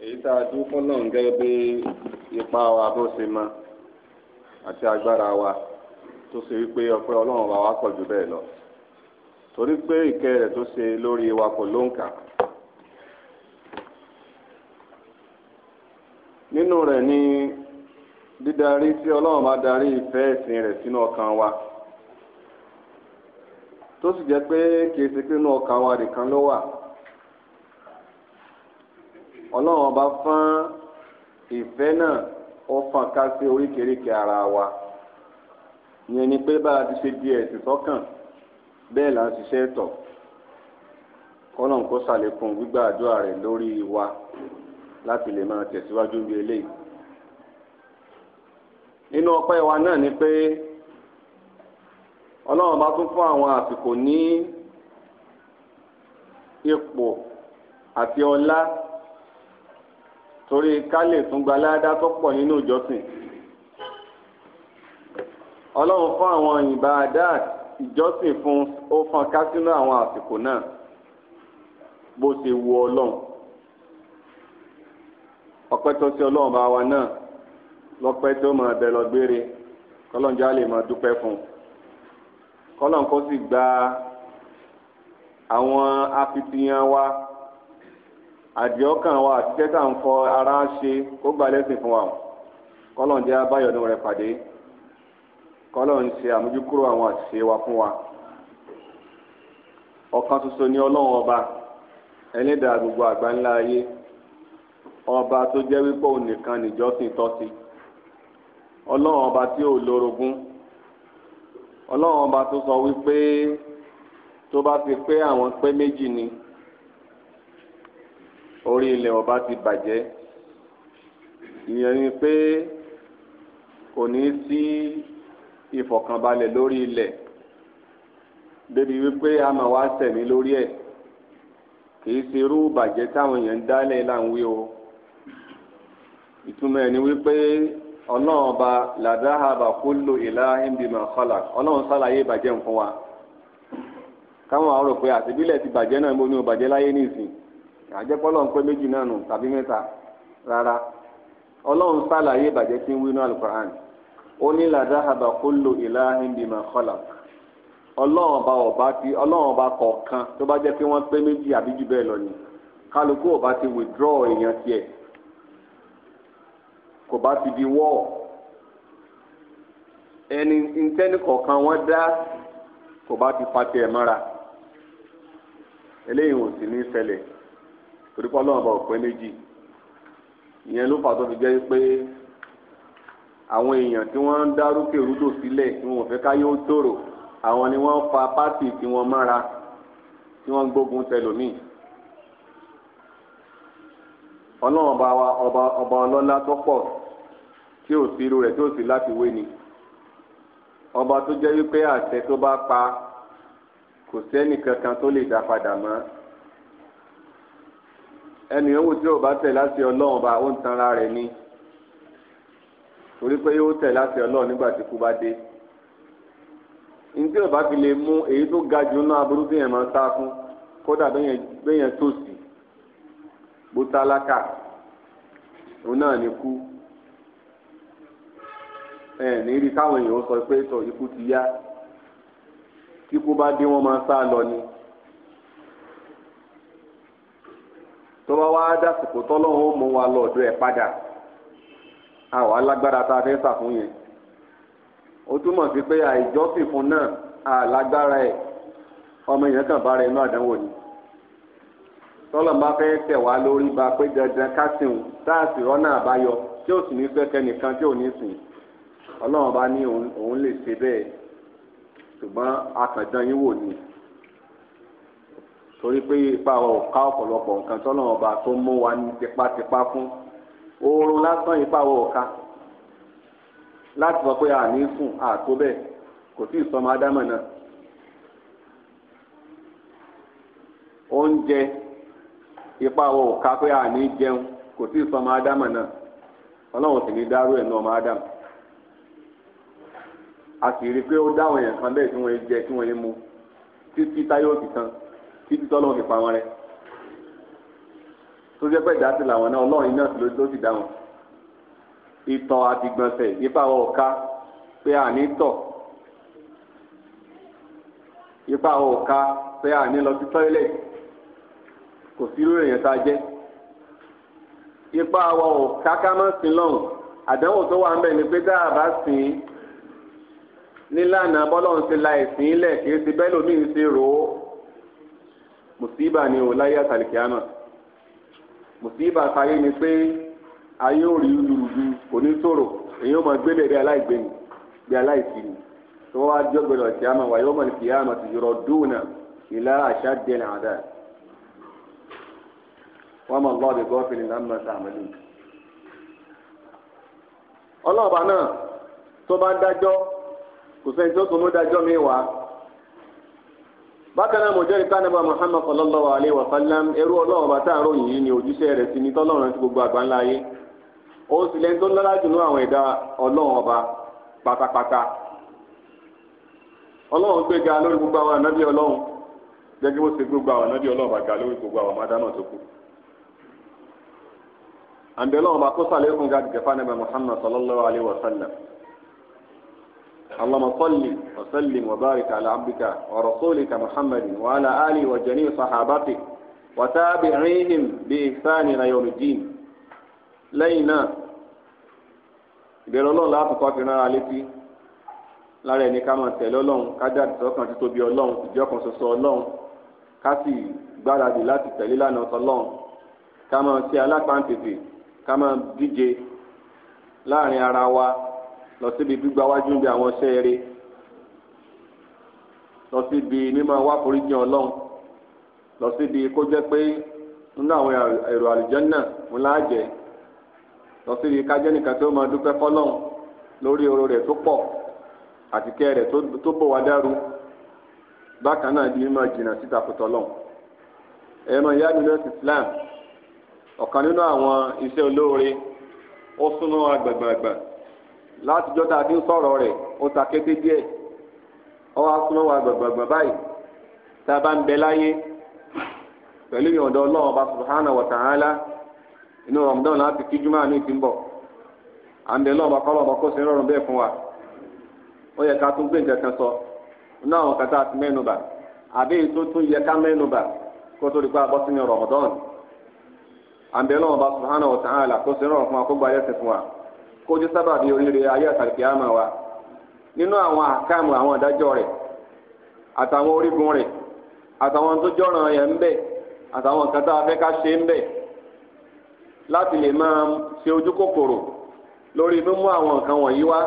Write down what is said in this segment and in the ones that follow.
èyí tá a dún gẹ́gẹ́ bí ipa wa bó ṣe mọ àti agbára wa tó ṣe wípé ọpẹ́ ọlọ́run wa pọ̀ jù bẹ́ẹ̀ lọ torí pé ìkẹ́ rẹ̀ tó ṣe lórí wa kò lóǹkà nínú rẹ̀ ni dídarí tí ọlọ́run bá darí ìfẹ́ ẹ̀sìn rẹ̀ sínú wa tó sì jẹ́ pé kì í ṣe pé wa nìkan ló wà. ọlọ́run ọba fán ìfẹ́ náà ó fàn ká sí oríkèéríkèé ara wa ìyẹn ni pé bá a ti ṣe di ẹ̀sìn sọ́kàn bẹ́ẹ̀ là ń ṣiṣẹ́ tọ̀ kọ́lọ́n kó ṣàlékún gbígbà àdúrà rẹ̀ lórí wa láti lè máa tẹ̀síwájú bí eléyìí nínú ọpẹ́ wa náà ni pé ọlọ́run bá tún fún àwọn àsìkò ní ipò àti ọlá torí ká lè tún gba ládá tó pọ̀ nínú ìjọsìn ọlọ́run fún àwọn ìbá dáàt ìjọsìn fún ó fọn ká sínú àwọn àsìkò náà bó ṣe wu ọlọ́run ọpẹ́ tó sí ọlọ́run bá wa náà lọ́pẹ́ tó mọ̀ ẹ̀bẹ̀ lọ gbére kọ́lọ́njá lè mọ̀ dúpẹ́ fún un kọ́lọ́n kó sì gba àwọn afitiyan wa àdìọ́kàn wa àti tẹ́tà ń fọ ara ṣe kó gba lẹ́sìn fún wa kọ́lọ̀ ń jẹ́ abáyọ̀dún rẹ̀ pàdé kọ́lọ̀ ṣe àmójúkúrò àwọn àṣìṣe wa fún wa ọ̀kan ṣoṣo ni ọlọ́run ọba ẹlẹ́dàá gbogbo àgbáńlá ayé ọba tó jẹ́ wípé òun nìkan nìjọ́sìn tọ́ sí ọlọ́run ọba tí ò lórogún ọlọ́run ọba tó sọ wípé tó bá ti pé àwọn pé méjì ni orí ilẹ̀ ọba ti bàjẹ́ ìyẹn ni pé kò ní sí ìfọ̀kànbalẹ̀ lórí ilẹ̀ débi wípé a máa wá sẹ̀mí lórí ẹ̀ kìí ṣe irú bàjẹ́ táwọn èèyàn ń dálẹ̀ láǹwí o ìtumọ̀ ẹ̀ ni wípé ọlọ́run ọba làdáhàbà kullu ilahin bima khalaq ọlọ́run sálàyé ìbàjẹ́ nǹkan wa káwọn àrò pé àtìbílẹ̀ ti bàjẹ́ náà mo ní o láyé nìsín àjẹpọ́lọ́ ń pẹ́ méjì náà nù tàbí mẹ́ta rárá ọlọ́run ṣàlàyé ìbàjẹ́ tí ń wí ní alukur'an ó ní làdáhàbà kullu ilahin bima khalaq ọlọ́run ọba ọba ti ọlọ́run ọba kọ̀ọ̀kan tó bá jẹ́ pé wọ́n pé méjì àbí jù bẹ́ẹ̀ lọ ni kálukú ọba ti withdraw èèyàn tiẹ̀ kò bá ti di wọ́ọ̀ ẹni ntẹ́ni kọ̀ọ̀kan wọ́n dá kò bá ti fa tiẹ̀ mọ́ra eléyìí ò sì ní ṣẹlẹ̀ torí pé ọlọ́run ọba ò pé méjì ìyẹn ló fà tó fi jẹ́ pé àwọn èèyàn tí wọ́n ń dárúkè rúdò sílẹ̀ tí wọn ò fẹ́ káyé ó tòrò àwọn ni wọ́n fa pátì tí wọ́n mára tí wọ́n gbógun tẹlòmíì ọlọ́run ọba wa ọba ọba ọlọ́lá tó pọ̀ tí ò sí irú rẹ̀ tí ò sí láti wé ni ọba tó jẹ́ wípé àṣẹ tó bá pa kò sẹ́nì kankan tó lè dá padà mọ́ ẹnì yòówù tí ò bá tẹ̀ láti ọlọ́run bá ó ń tanra rẹ̀ ni torí pé yóò tẹ̀ láti ọlọ́run nígbà tí kú bá dé ntí ò bá fi lè mú èyí tó ga jù náà aburú tí yẹn máa sá fún kódà bẹ́yẹn tó sì bó tálákà òun náà ni kú ẹ nírí káwọn èèyàn sọ pé tọ ikú ti yá tí bá dé wọn máa sá lọ ni. tó bá wá dásìkò tọ́lọ́hún ó mú wa lọ́ọ̀dọ̀ ẹ̀ padà àwa lágbára tá a fẹ́ sà fún yẹn ó túmọ̀ sí pé àìjọ́sìn fún náà àlágbára ẹ̀ ọmọ èèyàn kàn bá rẹ̀ inú ni tọ́lọ̀ bá fẹ́ tẹ̀ ba pé dandan ká sìn tá a sì rọ́nà si tí nikan sì ní fẹ́ kẹ́nìkan tí ò ní sìn ọlọ́run bá ní òun lè torí pé ipa wa ọ̀pọ̀lọpọ̀ nǹkan tọ́nà ọba tó mú wa ní tipátipá fún oorun lásán ipa wa láti sọ pé a nisun sùn àtó bẹ́ẹ̀ kò tí ì ádámọ̀ náà oúnjẹ ipa a jẹun kò tí ì ádámọ̀ náà ọlọ́run sì ní dárú a sì rí i pé ó dáwọn èèyàn kan bẹ́ẹ̀ tí wọ́n jẹ tí títí tọ́lọ́ fi pa wọn rẹ tó jẹ́ pé ìdásí làwọn náà ọlọ́run iná ló sì dá wọn ìtàn àtìgbọ̀nsẹ̀ ipa wọn ò ká pé àní tọ̀ ipa wọn ò ká pé àní lọ sí tọ́ílẹ̀tì kò sí irú èèyàn tá a jẹ́ ipa wọn ò ká ká má sin lọ́hùn àdánwò tó wà ń bẹ̀ ni pé tá a bá sìn ín nílànà bọ́lọ́run ti la ẹ̀sìn ilẹ̀ kì í ti bẹ́ẹ̀ lómi ń ṣe rò ó. mùsíbà ni ò láyé àtàlìkíámà mùsíbà sáyé ni pé ayé ò rúdurùdu kò ní tòrò èyí ò máa gbélé bí aláìgbéni bí aláìsíni tó wá jọgbẹlẹ ọkíámà wà yóò mọlẹ kíámà ti yọrọ dúnà ìlà àṣà dẹlẹ àdá wọn máa lọ bí gọfìlì lámà sàmìlì ọlọ́ọ̀bà náà tó bá dájọ́ kò tó dájọ́ mi bákan náà mo jẹ́ ìka nàbà Muhammad sallallahu alayhi wa sallam ẹrú ọlọ́run bàtà àròyìn yìí ni òjíṣẹ́ rẹ̀ sí ní tọ́lọ́run ti gbogbo àgbáńlá ayé òun sì lẹ́ni tó lọ́lá jù ní àwọn ẹ̀dá ọlọ́run ọba pátápátá ọlọ́run gbéga lórí gbogbo àwọn ànábì ọlọ́run gẹ́gẹ́ bó ṣe gbogbo àwọn ànábì ọlọ́run bàgà lórí gbogbo àwọn ọmọdé tó kù àǹdẹ̀ ọlọ́run kó sàlẹ̀ fún gàdìgẹ́fà nàbà Muhammad sallallahu alayhi wa sallam. اللهم صل وسلم وبارك على عبدك ورسولك محمد وعلى آله وجميع صحابته وتابعيهم بإحسان إلى يوم الدين لينا ìbẹ̀rẹ̀ ọlọ́run láti kọ́ fi rán létí lára ẹni ká máa tẹ̀lé ọlọ́run ká jáde sọ́kàn tí tóbi ọlọ́run ìjọ kan ṣoṣo ọlọ́run ká sì gbáradì láti tẹ̀lé lánàá tọlọ́run ká máa ṣe alápáǹtẹ̀tẹ̀ ká máa díje láàrin ara wa lọ síbi gbígba wájú níbi àwọn iṣẹ́ eré lọ síbi mímọ wá foríjì ọlọ́run lọ síbi kó jẹ́ pé nínú àwọn èrò àlùjànnà wọn láà jẹ́ lọ síbi kájẹ́ nìkan tó máa dúpẹ́ fọ́lọ́run lórí oró rẹ̀ tó pọ̀ àtìkẹ́ rẹ̀ tó bò wá dárú bákan náà di mímọ jìnnà síta kò tọ́lọ̀ ẹ̀rọ ìyá nínú ẹ̀sìn Islam ọ̀kan nínú àwọn iṣẹ́ olóore ó súnmọ́ agbàgbàgbà láti jọ́ dàbí sọ̀rọ̀ rẹ̀ ó sàkété díẹ̀ ọ wá súnmọ́ wa gbàgbàgbà báyìí tá a bá ń bẹ láyé pẹ̀lú ọlọ́run ọba subhanahu wa ta'ala inú Ramadan láti kí jùmọ̀ àmì ti à ń bẹ lọ́wọ́ ọba kọ́lọ́ ọba kó sí sọ àwọn àbí tún yẹ ká kó tó di sínú à ń bẹ lọ́wọ́ ọba kó jẹ́ sábàbí oríire ayé àtàlùkì àmà wa nínú àwọn àkàmù àwọn àdájọ́ rẹ̀ àtàwọn orígun rẹ̀ àtàwọn tó jọ̀ràn yẹn ń bẹ àtàwọn nǹkan tá a fẹ́ ká ṣe ń bẹ láti lè máa ṣe ojú kòkòrò lórí mímú àwọn nǹkan wọ̀nyí wá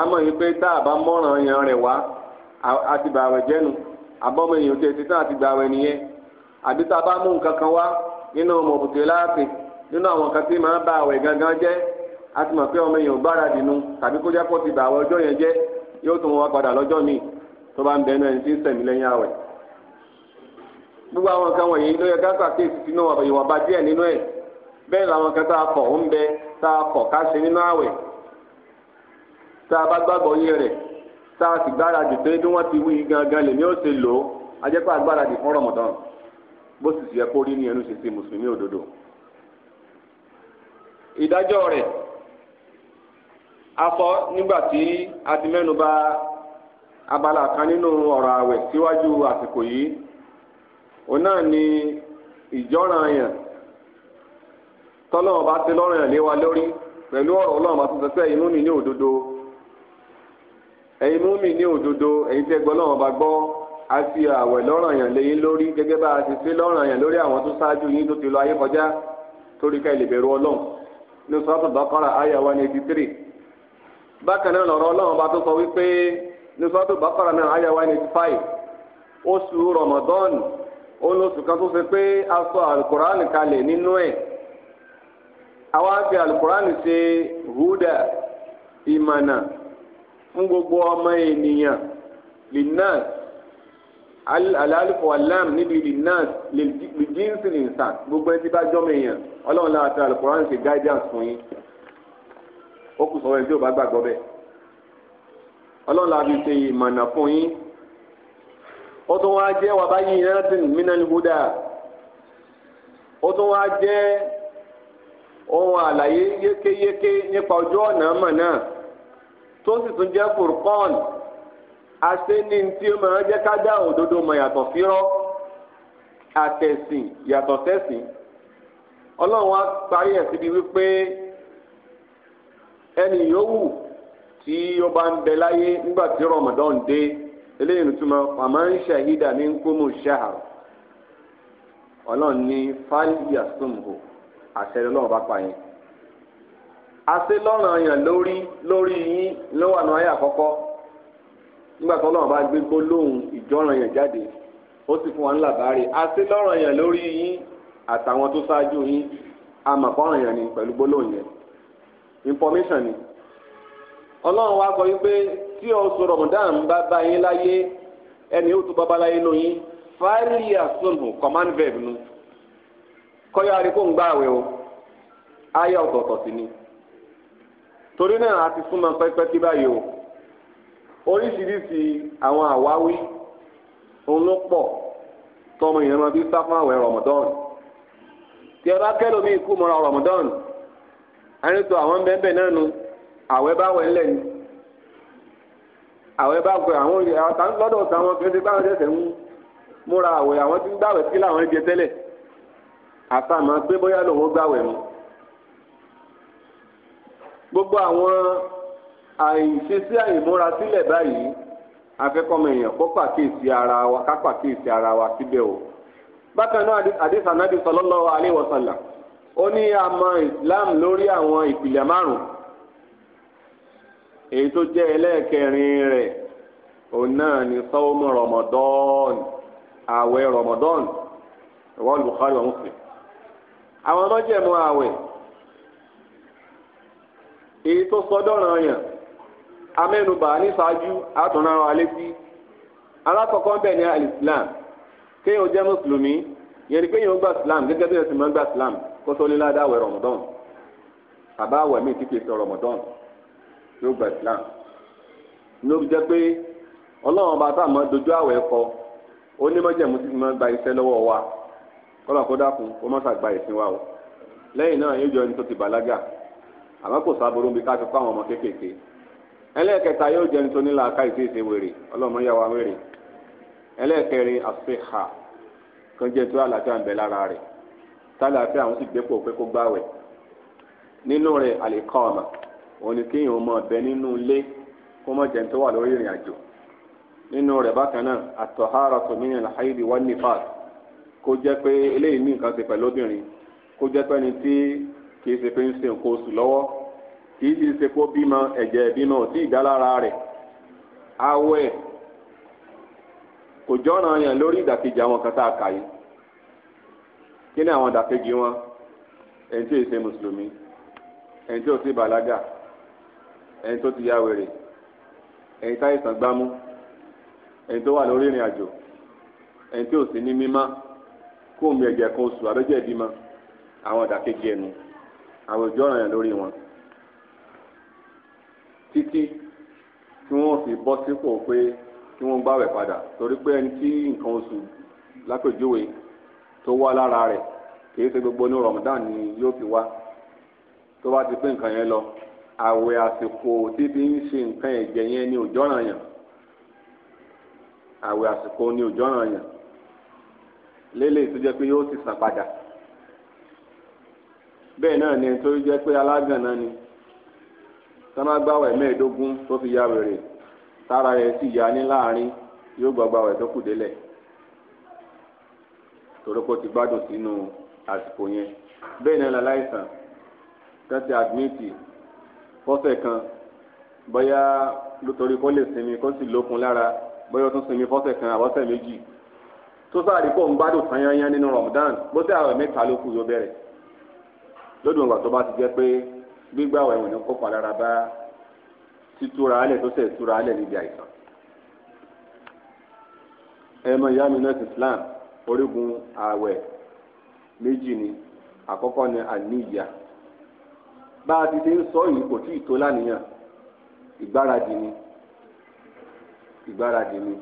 àmọ́ yìí pé tá a bá mọ̀ràn yẹn rẹ̀ wá àti bàwẹ̀ jẹ́nu àbọ̀mọ èèyàn tó ti tán àti bàwẹ̀ nìyẹn àbí tá a bá mú nǹkan kan wá nínú mọ̀bùtẹ́ láàpì nínú àwọn nǹkan tí màá bá àwẹ̀ gangan jẹ́ a ti mọ̀ pé ọmọ èèyàn gbáradì nu tàbí kó jẹ́ kó ti bà àwọn ọjọ́ yẹn jẹ́ yóò tún wá padà lọ́jọ́ míì tó bá ń bẹnu ẹni tí ń sẹ̀mí lẹ́yìn àwẹ̀. gbogbo àwọn nǹkan wọ̀nyí ló yẹ ká ṣàkíyèsí sínú ìwà bàjẹ́ nínú ẹ̀ bẹ́ẹ̀ làwọn kan tá a kọ̀ ń bẹ tá a kọ̀ ká ṣe nínú àwẹ̀ tá a bá gbàgbọ́ yé rẹ̀ tá a sì gbáradì pé bí wọ́n ti wí gangan lèmi ó ṣe lò ó ajẹ́pẹ́ agbáradì fún Ramadan bó sì ṣe yẹ kó rí ní ẹnu ṣe ṣe mùsùlùmí òdodo. ìdájọ́ rẹ̀ afọ nígbà ati a ti abala kan nínú ọ̀rọ̀ àwẹ̀ siwaju àsìkò yìí òun ni ìjọ́ràn yàn ba bá ti lọ́rùn yàn lé wa lórí pẹ̀lú ọ̀rọ̀ ọlọ́run bá ti sọ pé inú mi ní òdodo ẹ̀yin mú mi ní òdodo ẹ̀yin tẹ́ gbọ́ lọ́run bá gbọ́ a fi àwẹ̀ lọ́rùn yàn léyìn lórí gẹ́gẹ́ bá a ti fi lọ́rùn yàn tó ṣáájú yín tó ti lọ ayé kọjá torí ká ẹ lè bẹ̀rù ọlọ́run ní sọ́tò bá kọ́ra àyà eighty three bákan náà lọ̀rọ̀ ọlọ́run bá tó sọ wípé nusratu bàkàrà náà ayé one eighty five oṣù rọmọdọ́ọ̀nù òun lóṣù kan tó ṣe pé a sọ alukur'an kalẹ̀ nínú ẹ̀ àwa fi alukur'an ṣe húdà ìmànà fún gbogbo ọmọ ènìyàn linnas alalifu alam níbi linnas lìjíǹsì nìsan gbogbo ẹni tí bá jọ́mọ èèyàn ọlọ́run láti alukur'an ṣe guidance fún yín. ó kù sọ́wọ́ ẹni ò bá gbàgbọ́ bẹ́ẹ̀ ọlọ́run la ṣe ìmọ̀nà fún yín ó tún wá jẹ́ wàbá yìí rẹ́tìn mínàlì húdà ó tún wá jẹ́ ohun àlàyé yékéyéké nípa ojú ọ̀nà mọ̀ náà tó sì tún jẹ́ furqan tí ó máa jẹ́ ká dá òdodo mọ̀ yàtọ̀ fírọ́ àtẹ̀sìn yàtọ̀ sẹ́sìn ọlọ́run wá parí ẹ̀ síbi wípé. ẹni yòówù tí ó bá ń bẹ láyé nígbà tí Ramadan dé eléyìí ní túmọ̀ faman shahida minkumu shahr ọlọ́run ní falyasumhu àṣẹ ọlọ́run bá pa yẹn àṣẹ lọ́rùn àyàn lórí lórí yín lọ́wọ́ àná ayé àkọ́kọ́ nígbà tí ọlọ́run bá gbé gbólóhùn ìjọ́ràn yẹn jáde ó sì fún wa ńlá bàárẹ̀ àṣẹ lọ́rùn àyàn lórí yín àtàwọn tó ṣáájú yín àmọ̀kọ́ràn yẹn ni pẹ̀lú gbólóhùn yẹn information ni ọlọ́run wa kọ wípé tí oṣù Ramadan bá bá yín láyé ẹni ó tún bàbá láyé nù fáìlì àsùnù command verb nu kọ́yọ́ àríkò ń gbà àwẹ̀ o ayé ọ̀tọ̀ọ̀tọ̀ sí ni torí náà a ti súnmọ́ pẹ́pẹ́ tí báyìí o oríṣiríṣi àwọn àwáwí òun ló pọ̀ tọmọ ìyẹn máa fi sá Ramadan tí ẹ bá kẹ́lòmíì kú mọ́ra Ramadan àyẹ̀tọ̀ àwọn bẹ́ẹ̀ náà nu àwẹ̀ bá wẹ̀ ńlẹ̀ ni àwẹ̀ bá wẹ̀ àwọn lọ́dọ̀ táwọn fi ń ṣe báwọn ṣẹ̀ṣẹ̀ ń múra àwẹ̀ àwọn tí ń gbàwẹ̀ sí làwọn jẹ tẹ́lẹ̀ àtàmà pé bóyá lòun gbàwẹ̀ mu gbogbo àwọn àìṣesí àìmúra sílẹ̀ báyìí afẹ́kọ́mọ èèyàn kó pàkíyèsí ara wa ká pàkíyèsí ara wa síbẹ̀ o bákan náà àdéhùn ànábì sallallahu alaihi wasallam ó ní àmọ́ Islam lórí àwọn ìpìlẹ̀ márùn èyí tó jẹ́ ẹlẹ́ẹ̀kẹrin rẹ̀ òun náà ni sọ́wọ́mù Ramadan ààwẹ̀ Ramadan ìwọ́n Bukhari wa Muslim àwọn ọmọjẹ̀mú ààwẹ̀ èyí tó sọdọ̀ràn yàn amẹ́nubà níṣáájú àtúnrán alẹ́sí alákọ̀ọ́kọ́ bẹ̀ ní alìsílám kéèyàn jẹ́ mùsùlùmí yẹn ni kéèyàn gba Islam gẹ́gẹ́ bí ẹ̀sìn mọ́ gba Islam kótólé ládàwẹ̀ rọmọdán àbáwẹ̀ mi ti fi sọ rọmọdán yóò gba islam ló jẹ́ pé ọlọ́run bá tá a mọ̀ dojú àwẹ̀ kọ onímọ̀jẹ̀mú ti máa gba iṣẹ́ lọ́wọ́ wa kọ́lá kó dákun kó má ṣàgbà ìsìn wa o lẹ́yìn náà yóò jọ ẹni tó ti bàlágà àmọ́ kò sábòrò bí ká fi kọ́ àwọn ọmọ kéékèèké ẹlẹ́ẹ̀kẹta yóò jẹ́ ẹni tó nílà aká ìṣe ìṣe wèrè ọlọ́mọ yà wá wèrè ẹlẹ́ẹ̀kẹrin àṣehà kan jẹ́ tó àlàáfíà ń bẹ lára rẹ̀ tálàáfíà àwọn sì dépò pé kó gbáwẹ̀ nínú rẹ̀ àlèkọ́ ọ̀mà òun ni kéèyàn mọ̀ ọ̀bẹ nínú ilé kó mọ̀ jẹun tó wà lórí ìrìn àjò nínú rẹ̀ bákan náà àtọ̀hárà tòmínì àhàyèdè wà nífàs kó jẹ́ pé eléyìí ní nǹkan ṣe pẹ̀lú obìnrin kó jẹ́ pé ẹni tí kìí ṣe pé ń ṣe nǹkan oṣù lọ́wọ́ kìí sì ṣe pé bímọ ẹ̀jẹ̀ ìbímọ tí ì rẹ̀ awẹ́ kò jọ́ràn yẹn lórí ìdàkejì àwọn kan tá a kà yìí kí ni àwọn ìdàkejì wọn ẹni tí èsè mùsùlùmí ẹni tí ò sí bàlágà ẹni tó ti ya wèrè ẹni táyé sàn gbámú ẹni tó wà lórí ìrìn àjò ẹni tí ò sí ní mímá kó omi ẹ̀jẹ̀ kan oṣù àbẹ́jẹ̀ ìbímọ àwọn ìdàkejì ẹnu àwọn ìjọ ọ̀ràn yẹn lórí wọn títí tí wọ́n fi bọ́ sípò pé kí wọ́n gbàwẹ̀ padà torí pé ẹni tí nǹkan oṣù lápèjúwe tó wá lára rẹ̀ kìí ṣe gbogbo ní Ramadan ni yóò fi wá tó bá ti pé nǹkan yẹn lọ àwẹ̀ àsìkò tí bí ń ṣe nǹkan ẹ̀jẹ̀ yẹn ni òjọ́ ràn yàn àwẹ̀ àsìkò ni òjọ́ yàn lélẹ̀ tó jẹ́ pé yóò ti sàn padà bẹ́ẹ̀ náà ni tó jẹ́ pé náà ni sọ́nà gbàwẹ̀ mẹ́ẹ̀ẹ́dógún tó fi ya wèrè tára rẹ̀ sì yá ní láàrin yóò gbàgbà wẹ̀ tó kù délẹ̀. torókó ti gbádùn sínú àsìkò yẹn bẹ́ẹ̀ náà láláìsàn tán ti àdmìtì fọ́sẹ̀ kan bóyá lótorí kó lè sinmi kó sì lókun lára bóyá ó tún sinmi fọ́sẹ̀ kan àbọ̀sẹ̀ méjì tó sáàrí kó ń gbádùn tanyanya nínú Ramadan bó tẹ àwẹ̀ mẹ́ta ló kù yóò bẹ̀rẹ̀ lódùn ìgbà tó bá ti jẹ́ pé gbígbà àwẹ̀ ìwọ̀n ní kópa lára bá títura alẹ̀ tó sẹ̀ tura alẹ̀ níbi àìsàn ẹ̀mọ ìyá mi nọ́ọ̀sì Islam orígun ààwẹ̀ méjì ni àkọ́kọ́ ni àníyà bá a ti ṣe ń sọ yìí kò tíì tó lánìyàn ìgbáradì ni ìgbáradì ni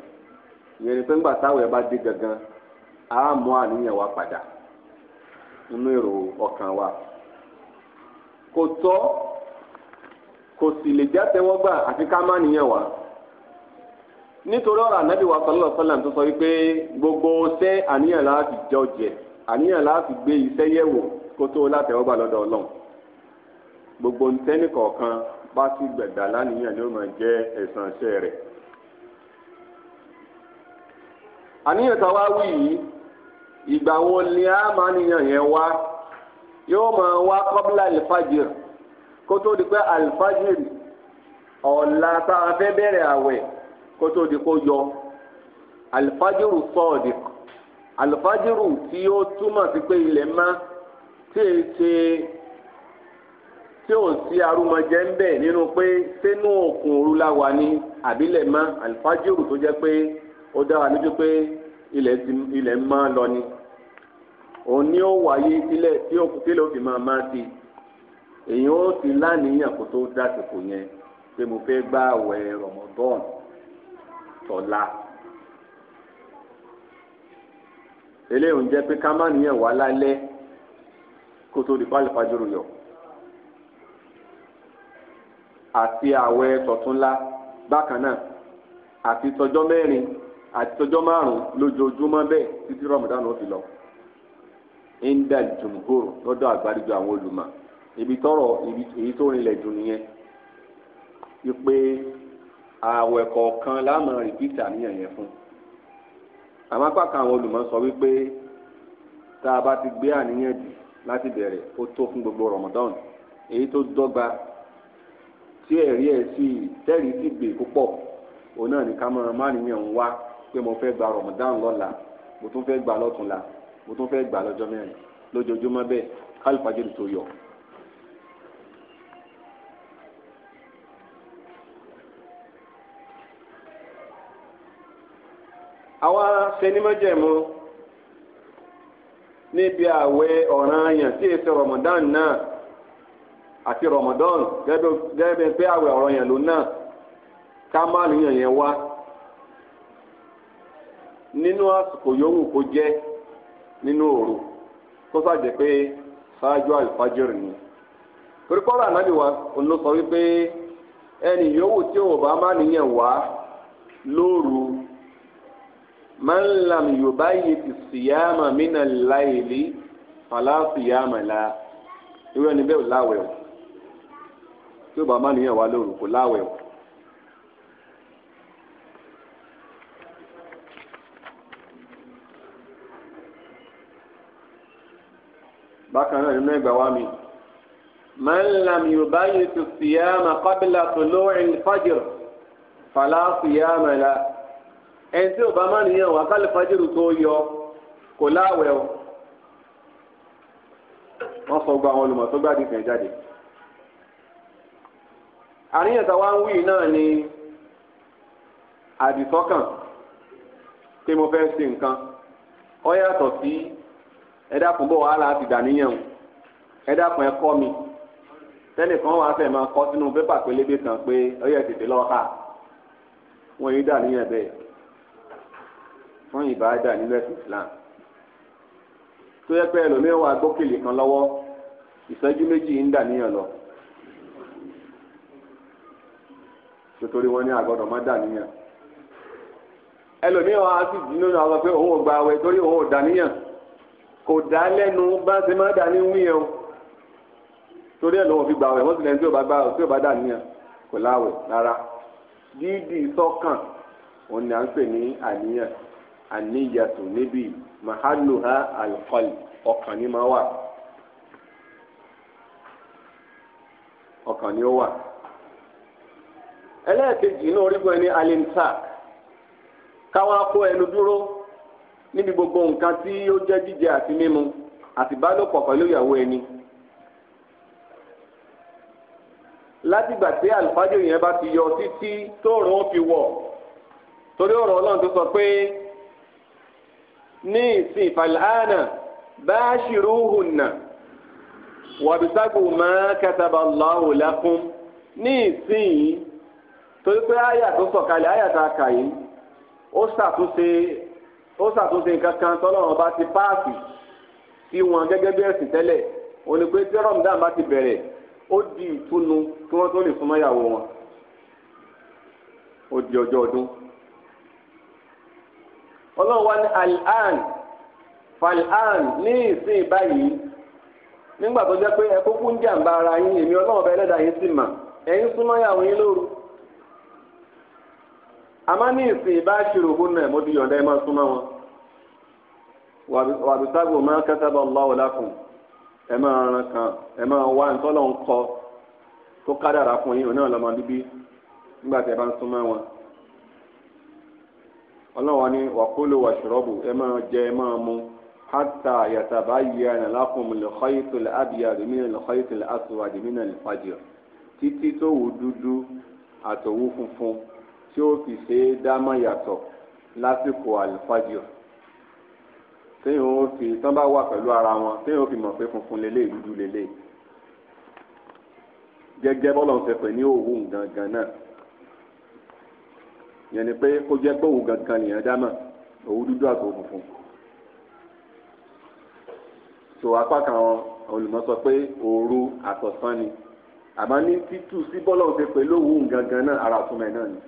ìyẹn ni pé ńgbà táwẹ̀ bá dé gangan a mú àníyàn wa padà nínú èrò ọkàn wa kò tọ́ kò sì lè jẹ́ tẹ́wọ́gbà àti ká má níyàn nítorí ọ̀rọ̀ ànábì wa sọlọ́ sọlá tó sọ wípé gbogbo ṣẹ́ àníyàn láti jọ jẹ àníyàn láti gbé iṣẹ́ yẹ̀ wò kó tó látẹ̀wọ́gbà lọ́dọ̀ ọlọ́run gbogbo ntẹ́ni kọ̀ọ̀kan bá ti gbẹ̀dà lánìyàn ni ó máa jẹ́ ẹ̀san iṣẹ́ rẹ̀. àníyàn tó wá wí yìí ìgbà wo ni a máa níyàn yẹn wá yóò máa wá kọ́bílà alifájìr kó tó di pé alifájìr ọ̀la tá a fẹ́ bẹ̀rẹ̀ àwẹ̀ kótó di kó yọ alifajiru sọọdi alifajiru tí ó túmọ̀ sí pé ilẹ̀ má tí è ṣe tí ò sí arúmọjẹ ń bẹ nínú pé sínú òkun òru la wà ní àbílẹ̀ má alifajiru tó jẹ́ pé ó dára lójú pé ilẹ̀ ti ilẹ̀ má lọ ni òun ni ó wáyé sílẹ̀ tí òkun tí ló fi máa má sí èyí ó ti láníyàn kó tó dásìkò yẹn pé mo fẹ́ gbààwẹ̀ rọmọdọ́ọ̀nù tọ̀la eléyìí ń jẹ́ pé ká má níyàn wá lálẹ́ kó tó di pálífàjòrò yọ àti àwẹ̀ tọ̀túnla bákan náà àti tọjọ́ mẹ́rin àti tọjọ́ márùn lójoojúmọ́ bẹ́ẹ̀ títí rọmọdánù ó fi lọ indal jumhur lọ́dọ̀ àgbáríjọ àwọn olùmọ̀ ibi tọrọ èyí tó rinlẹ̀ jù nìyẹn ipe ààwẹ̀ kọ̀ọ̀kan láàmú rìpítì àníyàn yẹn fún àwọn apá kan àwọn olùmọ̀ sọ wípé tá a bá ti gbé àníyàn dì láti bẹ̀rẹ̀ ó tó fún gbogbo Ramadan èyí tó dọ́gba tí ẹ̀rí ẹ̀ sì tẹ́rìí sì gbè púpọ̀ òun náà ní ká máa má níyàn ń wá pé mo fẹ́ gba Ramadan lọ́la mo tún fẹ́ gbà lọ́túnla mo tún fẹ́ gbà lọ́jọ́ mẹ́rin lójoojúmọ́ bẹ́ẹ̀ kálífàjì tó yọ. àwa sẹnimọ́jẹ̀mú níbi àwẹ̀ ọ̀ranyàn tí èsì Ramadan náà àti Ramadan gẹ́gẹ́ bí àwẹ̀ ọ̀ranyàn ló náà ká má lóyún yẹn wá nínú àsìkò yòówù kó jẹ́ n'inu òru kó sàjẹ́ pé ṣáájú àlùfájìrì ni torí kọ́ra wa ló sọ wípé ẹnì yòówù tí òun bá má níyàn man lam yubayyit siyama minal layli fala siyama la irú ẹni bẹ́ẹ̀ láwẹ̀ o tí ó bá má nìyẹn wá lóru kò láwẹ̀ o. bákan náà nínú ẹgbàá wa mi. man lam yubayyit siyama qabla tulu'il fajr fala siyama la. ẹni tí ọba máa nìyẹn wà kálí fájìrì tó yọ kò láwẹ̀ o wọ́n sọ gba àwọn tó jáde àríyàn ń wí náà ni àdìsọ́kàn pé mo fẹ́ ṣe nǹkan yàtọ̀ sí ẹ dákun bọ̀ wàhálà àti ìdàníyàn ẹ dákun ẹ kọ́ wàá fẹ́ máa kọ́ sínú pépà pélébé kan pé yẹ tètè lọ́ọ́ wọ́n yí dàníyàn fún ìbáadà nínú ẹ̀sìn Islam tó yẹ pé ẹlòmíràn wà gbókèlè kan lọ́wọ́ ìṣẹ́jú méjì ń dà níyàn lọ nítorí wọn ní àgọ́dọ̀ má dà níyàn ẹlòmíràn wà á sì dínú àwọn pé òun ò gba àwẹ̀ torí òun ò dà níyàn kò dá lẹ́nu bá ṣe má dà ní torí àníyàtò níbi mahaluha alqalb ọkàn ni máa wà ọkàn ni ó wà ẹlẹ́ẹ̀kejì inú orígun ẹni alimsak káwá kó ẹnu dúró níbi gbogbo nǹkan tí ó jẹ́ jíjẹ àti mímu àti ìbálòpọ̀ pẹ̀lú ìyàwó ẹni. látìgbà tí àlùfáàjò yẹn bá ti yọ títí tóòrùn ó fi wọ̀ torí ọ̀rọ̀ ọlọ́run tó sọ pé ní ìsìn falhana bashiruhunna wàbísàgù ma kataba Allahu lakum ní ìsìn yìí torí pé àyà tó sọ̀kalẹ̀ àyà tá a kà yìí ó ṣàtúnṣe ó ṣàtúnṣe nǹkan kan tọ́lọ́run bá ti páàkì sí wọn gẹ́gẹ́ bí ẹ̀sìn tẹ́lẹ̀ òní pé tí rọ̀mùdán bá ti bẹ̀rẹ̀ ó di ìtùnú kí wọ́n tó lè súnmọ́ ìyàwó wọn ó di ọjọ́ ọdún ọlọ́run wá ní al'an fal'an ní ìsìn báyìí nígbà tó jẹ́ pé ẹ kúkú ń jàǹbá ara yín èmi ọlọ́run ọba ẹlẹ́dàá yín sì mà ẹ̀yin súnmọ́ ìyàwó yín lóru àmọ́ ní ìsìn ìbá ṣirò hún náà mo ti yọ̀ǹda ẹ máa súnmọ́ wọn wàbísàgbò máa kataba Allahu lakum ẹ máa ran kan ẹ máa wá ntọ́lọ́ ń kọ tó kádàrà fún yín òun náà lọ́mọ nígbà tí ẹ bá ń súnmọ́ wọn ọlọ́wọ́n ní wàkúlù wàṣírọ́bù ẹ máa jẹ ẹ máa mu hátà yàtàbá yíyànà lákùnmù lẹ́kọ́yìtò àbíyá dùmínà lẹ́kọ́yìtò àtùwà dùmínà lẹ́fàjọ títí tó wù dúdú àtòwú funfun tí ó fi ṣe é dámọ̀ yàtọ̀ lásìkò àlùfàjọ téèyàn ó fi tán bá wà pẹ̀lú ara wọn téèyàn ó fi mọ̀ pé funfun lélẹ̀ dúdú lélẹ̀ gẹ́gẹ́ bọ́lọ̀ ń fẹ́ pẹ̀ ní òwú gangan náà yẹn ni pé kó jẹ́ pé òun gangan nìyẹn dá mọ̀ òun dúdú àti òun funfun so apá kan àwọn olùmọ̀ sọ pé òru àtọ̀sán ni àmọ́ ní títù sí bọ́lá òun ṣe pé lówùú gangan náà ara ọ̀túnmọ̀ ẹ̀ náà ni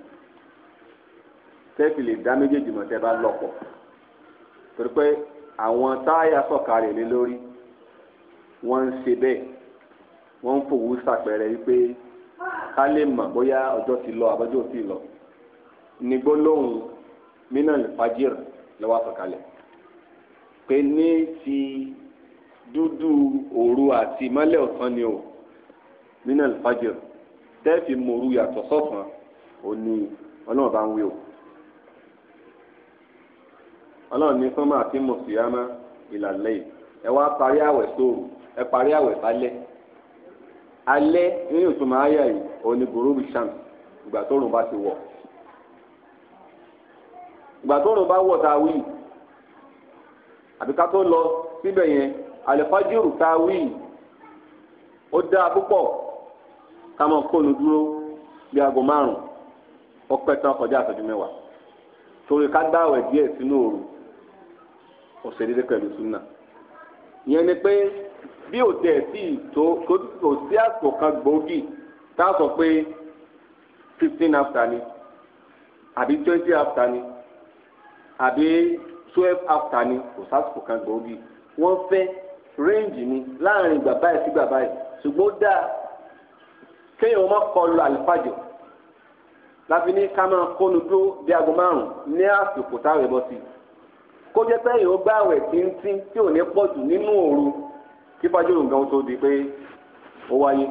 tẹ́ẹ̀fì lè dá méjèèjì mọ̀ tẹ́ bá lọ́pọ̀ torí pé àwọn táyà sọ̀kalẹ̀ lé lórí wọ́n ń ṣe bẹ́ẹ̀ wọ́n ń fòwú ṣàpẹẹrẹ wípé ká lè mọ̀ bóyá ọjọ́ ti lọ àbọ́jọ́ ò lọ nígbólóhùn mínà fàjìr lọ́wọ́ àsọ̀kalẹ̀ pé ní ti dúdú òru àti ìmọ́lẹ̀ ọ̀sán ni o mínà fàjìr tẹ́ẹ̀fì mòru yàtọ̀ sọ́sàn òní ọlọ́run bá ń wí o ọlọ́run ní sọ́mà àti mùsùlùmá ìlànà yìí ẹ wá parí àwẹ̀ sóòrù ẹ parí àwẹ̀ sálẹ̀ alẹ́ nínú ìtumọ̀ ayà yìí òní gòrò bìsàm ìgbà tó rùn bá ti wọ̀. ìgbà bá wọ̀ tá a tó lọ síbẹ̀ yẹn àlẹ́fájìrù tá ó dá púpọ̀ ká máa kóònù dúró bí aago márùn-ún ọpẹ́ tán kọjá àtọ́jú mẹ́wàá torí ká gbààwẹ̀ díẹ̀ sínú òru ọ̀sẹ̀ dédé pẹ̀lú súnà ni pé bí ò tẹ̀ sí tó sí àsìkò kan gbòógì sọ pé fifteen after ni àbí twenty after ni àbí twelve after ni kò sásìkò kan gbòógì wọ́n fẹ́ range ni láàrin ìgbà báyìí sí ìgbà báyìí ṣùgbọ́n ó dáa kéèyàn má kọlu àlùfáàjọ láfi ní ká máa kónu dúró bí aago márùn ní àsìkò táwọn ẹbọ sí kó jẹ́ pé èèyàn gbá àwẹ̀ tíntín tí ò ní pọ̀ jù nínú òru kí fájòrò nǹkan tó di pé ó wáyé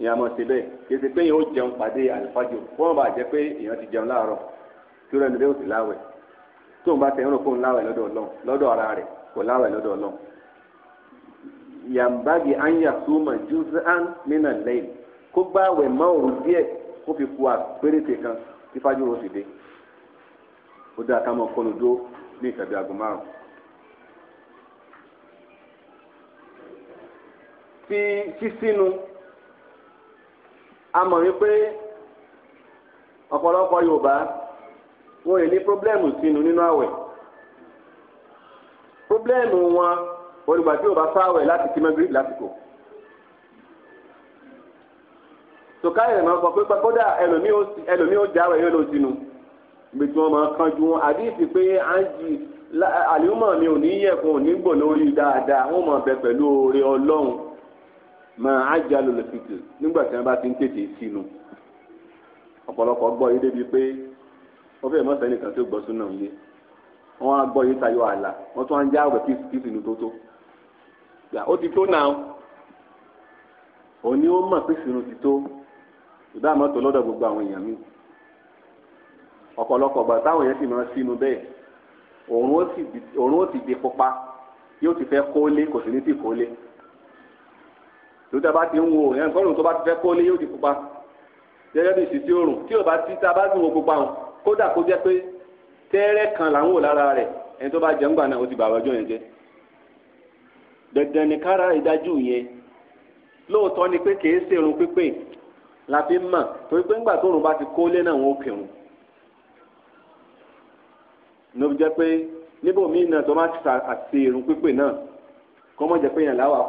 èèyàn mọ̀ sí bẹ́ẹ̀ kí ẹsẹ̀ pé èèyàn ó jẹun pàdé àlùfáàjọ fún ọ̀bà jẹ́ pé èèyàn ti jẹun láàárọ̀ kí ó rẹ̀ nílé òsì láwẹ̀. tó ń bá tẹ̀ ń rò kó ń láwẹ̀ lọ́dọ̀ ọlọ́run lọ́dọ̀ ara rẹ̀ kò láwẹ̀ lọ́dọ̀ anya suma juz'an mina lẹ́yìn kó gbá àwẹ̀ mọ́ òru díẹ̀ kó fi fu àpéréte kan tí fájúro sì dé. ó dáa ká mọ kọlu dó ní ìtàbí aago márùn. wọn ò ní pọ́blẹ́mù sínú nínú àwẹ̀ pọ́blẹ́mù wọn olùgbà tí o bá sáwẹ̀ láti kí mẹ́gírì lásìkò tòkáyọ̀ ẹ̀ máa sọ pé kódà ẹlòmíì ó jáwẹ̀ yóò lọ sínú gbèsè wọn máa kanjú wọn àdéhìsì pé à ń jí àlùmọ̀ mi ò ní yẹ̀kùn òní gbò lórí dáadáa wọn máa bẹ pẹ̀lú oore ọlọ́run máa á jẹ́ alòlòsìkì nígbà tí wọ́n bá ti ń tètè sínú ọ̀pọ̀lọpọ̀ gbọ́ yìí débi pé wọ́n fẹ́ẹ̀ mọ̀sẹ̀ nìkan tó gbọ́ súnà yé wọ́n á gbọ́ yé tayọ àlà wọ́n tún á ń já àwẹ̀ kí kí sínú tó tó yà ó ti tó náà òní ó mọ̀ pé sínú ti tó ìbá mọ́tò lọ́dọ̀ gbogbo àwọn èèyàn mi ọ̀pọ̀lọpọ̀ gbà táwọn èèyàn sì máa sínú bẹ́ẹ̀ òórùn ó sì di pupa yóò ti fẹ́ kólé kò sì ní ti kólé lóta bá ti ń wo ẹ̀ńkọ́rùn tó bá ti fẹ́ kólé yóò ti pupa gẹ́gẹ́ bí ìsìtì òrùn tí ò bá ti ta bá ti wo pupa hàn. kódà kó jẹ́ pé tẹ́rẹ́ kan làwọn ń wò lára rẹ̀ ẹni tó bá jẹun gbà náà ó ti bàbá ọjọ́ yẹn jẹ́ dandan ni kára ìdájú yẹn lóòótọ́ ni pé kìí pípé la fi mọ̀ torí pé ńgbà bá ti náà wọn kírun pé níbo míì náà tó má ti irun pípé náà kọ́ mọ̀ jẹ́ pé yẹn láwọ̀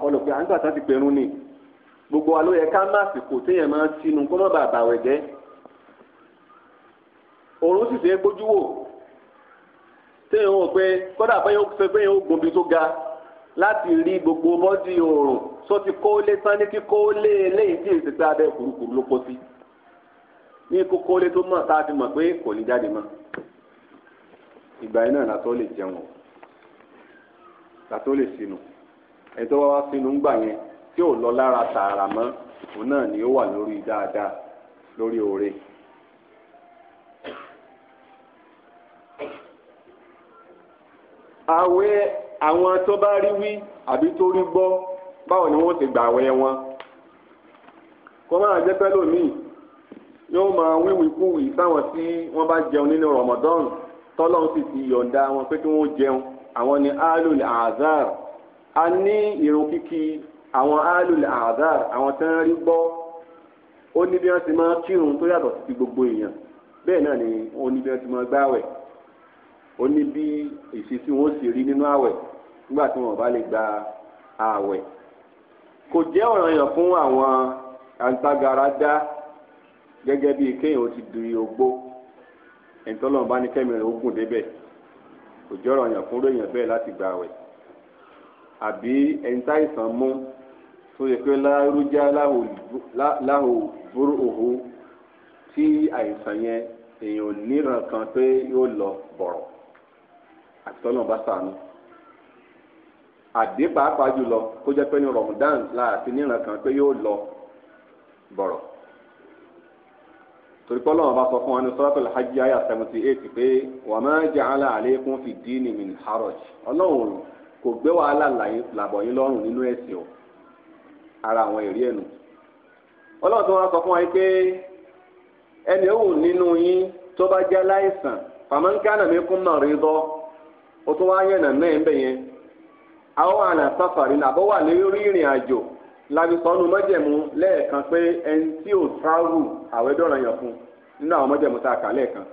pé à ń ni gbogbo ká má sì kò téèyàn máa kó má bàa jẹ́ òórùn sì ṣe é gbójú wò téèyàn wò pé pé ga láti rí gbogbo bọ́dì òórùn tó ti kó lé tán ní kíkó lé eléyìí tí èsì pé abẹ́ kùrukùru ló kó sí ní kókó lé tó mọ̀ tá a fi mọ̀ pé kò ní jáde mọ́ ìgbà yìí náà látọ́ lè jẹun o látọ́ lè sínú ẹni tó wá wá ń gbà yẹn tí ò lọ ni ó wà lórí dáadáa lórí àwẹ̀ àwọn tó bá rí wí àbí tó rí gbọ́ báwo ni wọ́n ti gbà àwẹ̀ wọn kó máa jẹ́ pẹ́ lónìí yóò máa wíwìkúwì sáwọn tí wọ́n bá jẹun nínú Ramadan tọ́lọ́run sì ti yọ̀ǹda wọn pé kí wọ́n jẹun àwọn ni alul azar a ní irun kíkí àwọn alul azar àwọn tí wọ́n rí gbọ́ ó ní bí wọ́n ti máa kírun tó yàtọ̀ sí gbogbo èèyàn bẹ́ẹ̀ náà ni ó ní bí wọ́n ti máa gbáwẹ̀ ó ní bí ìṣesí wọn ó sì rí nínú àwẹ̀ nígbà tí wọn bá lè gba àwẹ̀ kò jẹ́ ọ̀ranyàn fún àwọn àǹtagara dá gẹ́gẹ́ bíi kéèyàn ó ti di ogbó ẹ̀ńtọ́lọ́run bá ní kẹ́mi rẹ̀ ó gùn débẹ̀ kò jẹ́ ọ̀ranyàn fún ròyìn bẹ́ẹ̀ láti gba àwẹ̀ àbí ẹ̀ńtá ìsàn mú tó yẹ pé lárújá láhò búrú òhù tí àìsàn yẹn èèyàn ò níran kan pé yóò lọ bọ̀rọ̀ àti tọ́lọ́ bá sànù àdé pàápàá jùlọ kó jẹ́ pé ní Ramadan láti níran kan pé yóò lọ bọ̀rọ̀ torí pé Ọlọ́run bá sọ fún wa ní suratul hajj aya seventy eight pé wa ma ja'ala alaykum fi dini min haraj ọlọ́run kò gbé wàhálà làbọ̀ yín lọ́rùn nínú ẹ̀sìn o ara àwọn èrè ẹ̀nu ọlọ́run tó wá sọ fún wa pé ẹni òun nínú yín tó bá jẹ́ láìsàn faman kana minkum maridan o tún wáá yànnà náà ń bẹ̀ yẹn àwọn àna sáfàrí làbọ̀ wà lórí ìrìn àjò lábísọ́nù mọ́jẹ̀mú lẹ́ẹ̀kan pé ẹni tí ò travel àwẹ́dọ̀ràn yàn fún nínú àwọn mọ́jẹ̀mú tá a kà lẹ́ẹ̀kan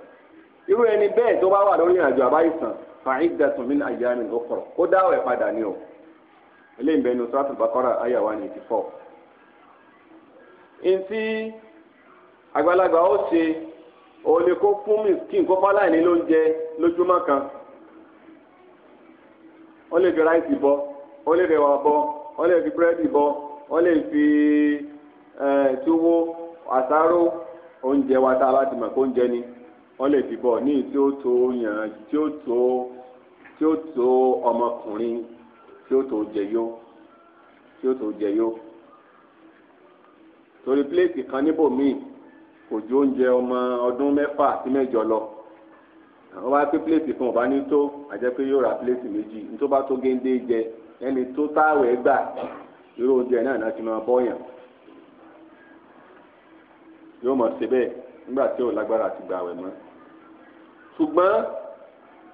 irú ẹni bẹ́ẹ̀ tó bá wà lórí ìrìn àjò àbáyìsàn min àyàmì ẹ̀ padà ní o eléyìí ni sọ́tù bàkọ́rà ní àgbàlagbà ó ṣe òun ni kó fún miskin kó fáláìní lóúnjẹ lójúmọ́ kan wọ́n lè fi ráìsì bọ́ wọ́n lè fi ẹ̀wà bọ́ wọ́n lè fi búrẹ́dì bọ́ wọ́n lè fi túwó àsáró oúnjẹ wa tá a bá ti mọ̀ pé oúnjẹ ni wọ́n lè fi bọ̀ ní tí ó tó yàn tí ó tó tí ó tó ọmọkùnrin tí ó tó jẹyó tí ó tó jẹyó torí pléètì kan níbòmíì kò ju oúnjẹ ọmọ ọdún mẹ́fà sí mẹ́jọ lọ àwọn wá pé pílẹ̀tì kan ọ̀bá ní tó àjẹ́ pé yóò ra pílẹ̀tì méjì ní tó bá tó géńdé jẹ ẹni tó táwẹ̀ gbà irú oúnjẹ náà náà ti máa bọ́yàn yóò mọ̀ ṣe bẹ́ẹ̀ nígbà tí ò lágbára àti gbà wẹ̀ mọ́ ṣùgbọ́n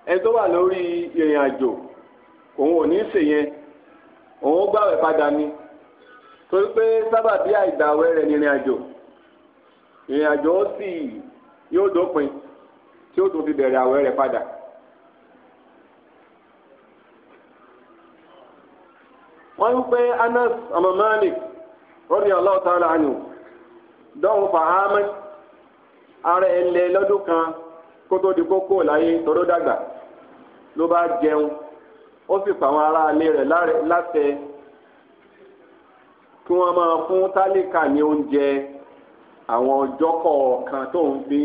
ẹni tó wà lórí ìrìn àjò òun ò ní ṣe yẹn òun gbàwẹ̀ padà ni torí pé sábàbí àìgbàwẹ̀ rẹ̀ ní ìrìn àjò ìrìn àjò ó sì yóò dópin. tí ó tún fi bẹ̀rẹ̀ àwẹ̀ rẹ̀ padà. wọ́n ń pe Anas ọmọ Malik radiyallahu dọ́hùn fàhámẹ́ ara kan kó tó di kókó láyé dàgbà ló bá jẹun ó sì fàwọn ará ilé rẹ̀ láṣẹ kí wọ́n máa fún tálíkà ní oúnjẹ. àwọn ọjọ́ kọ̀ọ̀kan tóun fi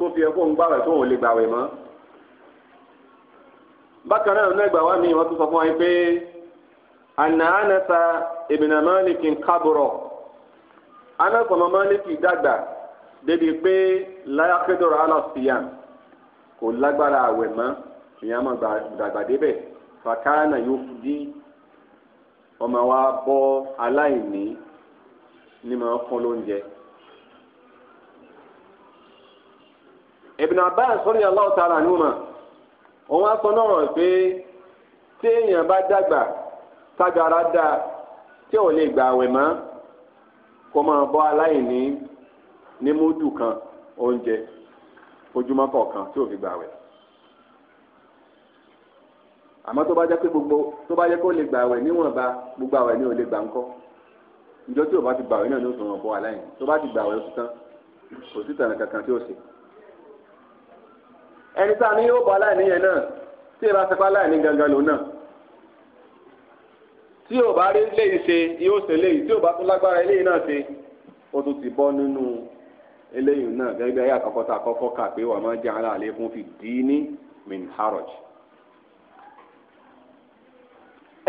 tó fi ẹkọ́ ń gbàwẹ̀ tóun lè gbàwẹ̀ mọ́. bákan náà náà gbàwá mi wọ́n tún sọ fún wa pé àná ànásà ìbìnà mọ́lìkì ń kábùrọ̀ ànásọ̀mọ́ mọ́lìkì dàgbà débi pé láyàkédọ̀rọ̀ alọ́síyàn kò lágbára àwẹ̀ mọ́ ìyá mọ́ dàgbà débẹ̀ fàkánà yóò fi dí ọmọ wa bọ́ aláìní ní ma fún lóúnjẹ Ibn Abbas radiyallahu ta'ala anhuma òun á sọ náà pé tí èèyàn bá dàgbà tágara dá tí ò lè gbà àwẹ̀ mọ́ kó máa bọ́ aláìní ní múdù kan oúnjẹ ojúmọ́ kọ̀ọ̀kan tí ò fi gbà àwẹ̀ àmọ́ tó bá jẹ́ pé gbogbo tó bá jẹ́ pé ó lè gbà àwẹ̀ níwọ̀nba gbogbo àwẹ̀ ni ò lè gbà ńkọ́ ìjọ tí ò bá ti gbà àwẹ̀ náà ni ó sọ̀rọ̀ bọ́ aláìní tó bá ti gbà àwẹ̀ ó ti tán kò sí tànà kankan tí ó ṣe ẹni tá a ní yóò bọ aláìní yẹn náà tí ìbá sẹpá aláìní gangan lòun náà tí yóò bá rí léyìí ṣe yóò ṣe léyìí tí yóò bá tún lágbára eléyìí náà ṣe ó tún ti bọ́ nínú eléyìí náà gẹ́gẹ́ bí ayé àkọ́kọ́ tá a kà pé wà máa jẹ́ ara àlẹ́ fún fi dì í ní min haraj.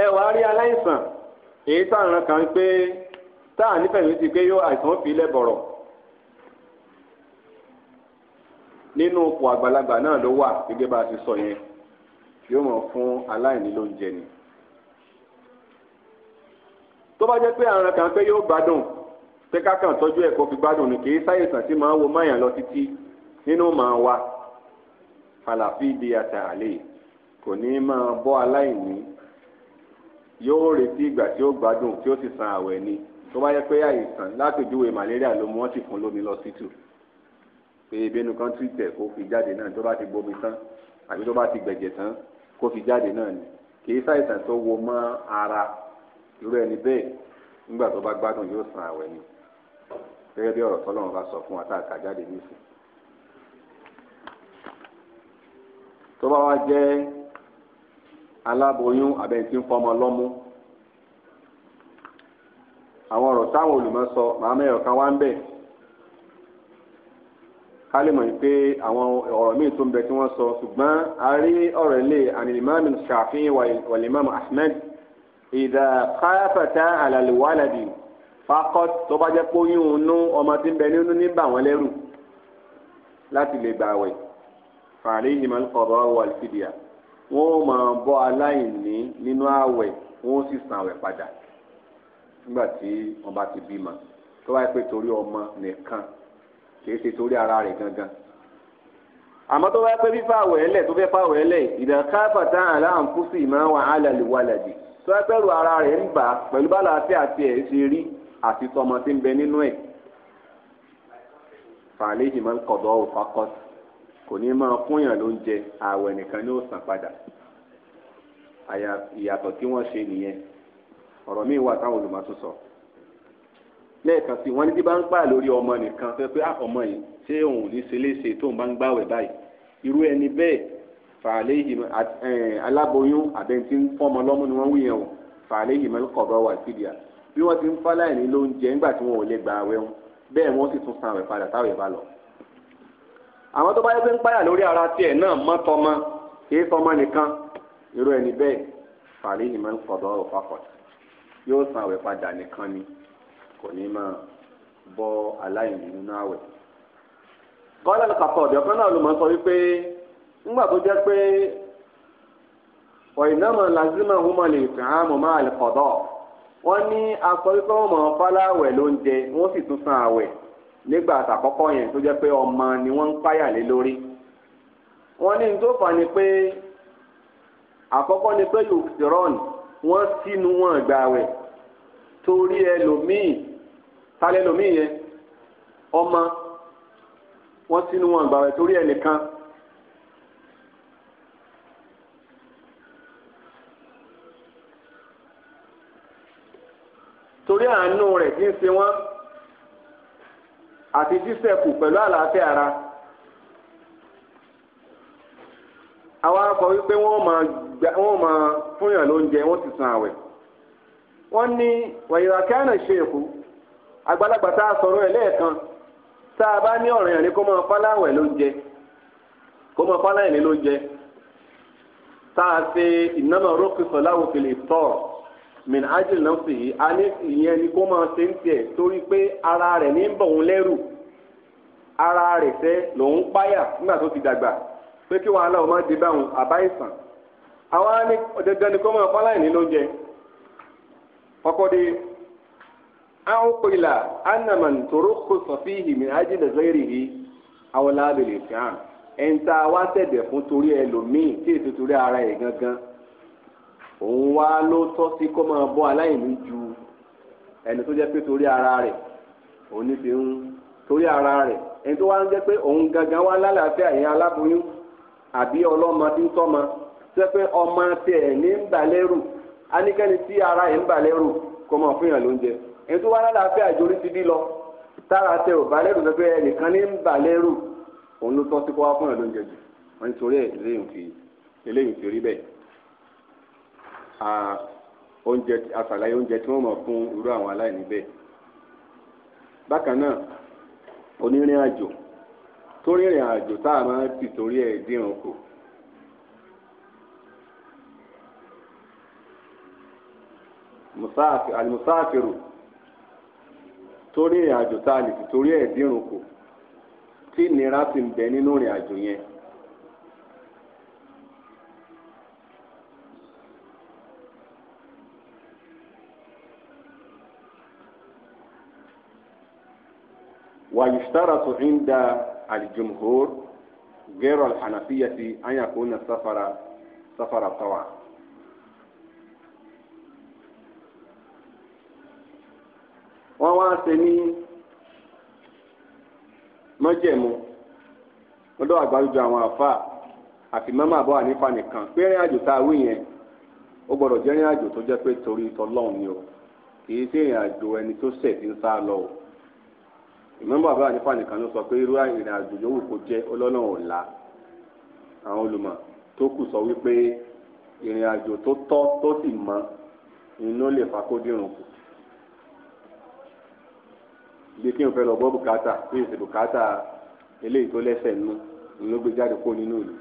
ẹ wàá rí aláìsàn èyí tá à ń ràn kàn pé tá à nífẹ̀ẹ́ mi ti pé yóò àìsàn fi lẹ́ nínú ipò àgbàlagbà náà ló wà gẹ́gẹ́ bá a ti sọ yẹn yóò mọ̀ fún aláìní lóúnjẹ ni tó bá jẹ́ pé àrùn kan pé yóò gbádùn pé kákan tọ́jú ẹ̀ kó fi gbádùn ni kì í sáyẹ̀sán tí máa ń wo máyàn lọ títí nínú màá wa fàlàfí di àtàlẹ́ kò ní máa bọ́ aláìní yóò retí ìgbà tí ó gbádùn tí ó sì san àwẹ̀ ni tó bá yẹ pé àìsàn lápèjúwe malaria ló mú wọn sì fún lómi lọ sí tù pé ebénu kan tú ìtẹ̀ kó fi jáde náà tó bá ti bomi tán àbí tó bá ti gbẹ̀jẹ̀ tán kó fi jáde náà ni kì í ṣàìsàn tó wo mọ́ ara irú ẹni bẹ́ẹ̀ nígbà tó bá gbádùn yóò san àwẹ̀ ni gẹ́gẹ́ bí ọ̀rọ̀ tọ́lọ́run bá sọ fún wa tá a kà jáde nísìn. tó bá wá jẹ́ aláboyún abẹ́ntí ń fọmọ lọ́mú àwọn ọ̀rọ̀ táwọn olùmọ̀ sọ màá mẹ́yọ̀ kan wá ń bẹ̀ ká lè mọ̀ pé àwọn ọ̀rọ̀ míì tó ń bẹ tí wọ́n sọ ṣùgbọ́n a rí ọ̀rọ̀ ilé anilimamu Shafi'i walimamu Ahmed ìdá káfàtà àlàlùwàlàdì fakọ́t tó bá jẹ́ pé oyún inú ọmọ tí ń bẹ nínú ní bà wọ́n lẹ́rù láti lè gbààwẹ̀ fàálẹ́ ìnìmọ̀ ọ̀rọ̀ wàlfìdíà wọ́n máa bọ́ aláìní nínú ààwẹ̀ wọ́n sì san ààwẹ̀ padà nígbà tí wọ́n bá ti bímọ tó bá yẹ pé torí ọmọ nìkan kìí ṣe torí ara rẹ̀ gangan àmọ́ tó bá pẹ́ fífa àwẹ̀lẹ̀ tó fẹ́ fàwẹ̀lẹ̀ ìdá káfàtà aláǹkúsì máa wà álàlùwalàjì tó bá pẹ́rù ara rẹ̀ ń bà pẹ̀lú bá làásìá àti ẹ̀ ṣe rí àti tọmọ tí ń bẹ nínú ẹ̀ fàlẹ́jì máa ń kọ̀dọ̀ òfakọ́t kò ní máa kúnyàn ló ń jẹ àwẹ̀ nìkan ni ó san padà ìyàtọ̀ tí wọ́n ṣe nìyẹn ọ̀rọ̀ míì wà táwọn olùmọ̀ tún sọ̀rọ̀ lẹ́ẹ̀kan sí wọ́n ní bí bá ń pà lórí ọmọ nìkan fẹ́ pé ah, ọmọ yìí ṣé òun ní ṣe léṣe tó ń bá ń gbàwẹ̀ báyìí irú ẹni bẹ́ẹ̀ fàálẹ́ ìhìmọ̀ aláboyún àbẹ̀ntí ń fọ́mọ lọ́mú ni wọ́n wí yẹn o fàálẹ́ ìhìmọ̀ kọ̀ọ̀bọ̀ wà sídìá bí wọ́n ti ń fáláì ní lóúnjẹ ńgbà tí wọ́n ò lè gba àwẹ̀ wọn bẹ́ẹ̀ wọ́n sì tún san padà táwẹ̀ bá lọ. àwọn tó bá yẹ yóò san padà nìkan ni kò ní máa bọ́ aláìní nínú àwẹ̀. kọ́lá kàkọ́ ọ̀dọ̀ kan náà ló mọ̀ sọ wípé nígbà tó jẹ́ pé ọ̀ìnàmọ̀ lazima húmọ̀ lè kàn án mọ̀ máa lè kọ̀dọ̀ wọ́n ní aṣọ wípé wọ́n mọ̀ fáláwẹ̀ lóúnjẹ wọ́n sì tún san àwẹ̀ nígbà àtàkọ́kọ́ yẹn tó jẹ́ pé ọmọ ni wọ́n ń páyà lé lórí wọ́n ní tó fà ni pé àkọ́kọ́ ni pé yòókù ti rọ́ọ̀nù wọ́n sínú wọn gbàwẹ̀ torí ẹlòmíì tálẹ́ ẹlòmíì yẹn ọmọ wọ́n sínú wọn gbàgbé torí ẹnìkan. torí àánú rẹ̀ tí ń ṣe wọ́n àti sísẹ̀kù pẹ̀lú àlàáfíà ara. àwa kọ wípé wọ́n máa fúnyàn lóúnjẹ wọ́n ti san àwẹ̀. wọ́n ní wàyíwá kánà ṣe èkó tá a sọ̀rọ̀ ẹ̀ lẹ́ẹ̀kan tá a bá ní ọ̀rẹ́ ẹ̀rín kó máa fáláwẹ̀ ló jẹ kó máa fáláwẹ̀ ló jẹ tá a ṣe ìnáwó a ìyẹn pé ara rẹ̀ ní bọ̀ ara rẹ̀ fẹ́ lòun páyà nígbà tó ti dàgbà pé kí wàhálà dé báwọn àwọn فقد أعقل أن من ترخص فيه من أجل غيره أو لا بالإسلام ẹnta wá ṣẹ̀dẹ̀ fún torí ẹlòmíì tí èso torí ara ẹ̀ gangan òun wá ló tọ́ sí kó máa bọ́ ẹni tó jẹ́ pé torí ara rẹ̀ òun fi ń torí ara rẹ̀ ẹni tó wá ń jẹ́ pé òun gangan wá lálàáfíà ìyẹn aláboyún àbí ọlọ́mọ tí ń tọ́mọ tó jẹ́ pé ọmọ tiẹ̀ ní ń gbà lẹ́rù anikẹ́ni tí ara yìí ń bà lẹ́rù kó máa fún yàn lóúnjẹ tó wá lálàáfíà àjòrí ti dí lọ tára tẹ ò bá ẹnìkan ní ń bà lẹ́rù òun ló tọ́ sí wá fún yàn lóúnjẹ jù nítorí eléyìí fi eléyìí fi rí oúnjẹ oúnjẹ alimusafiru torí ìrìn àjò tá a lè fi torí ẹ̀ dírun kù tí ìnira sì ń bẹ nínú ìrìn àjò yẹn. ويشترط عند الجمهور غير الحنفية أن يكون السفر سفر طوعا wọ́n wá ṣe ní mọ́jẹ̀mú lọ́dọ̀ àgbáríjọ àwọn àfa àti mẹ́mà àbọ̀ ànífà nìkan pé rìn àjò tá a wí yẹn ó gbọ́dọ̀ jẹ́ rìn àjò tó jẹ́ pé torí tọlọ́run ni o kì í sí ìrìn àjò ẹni tó ṣẹ̀ ti ń sá lọ o ìmọ̀mọ́ àbọ̀ ànífà nìkan ló sọ pé irú ìrìn àjò yòówù kó jẹ́ ọlọ́nà ọ̀la àwọn olùmọ̀ tó kù sọ wípé ìrìn àjò tó tọ́ tó sì mọ́ inú lè fa kó dírun kù bí kí n fẹ́ lọ gbọ́ bùkátà bí èsì bùkátà eléyìí tó lẹ́sẹ̀ nù ń ló gbé jáde kó nínú ìlú.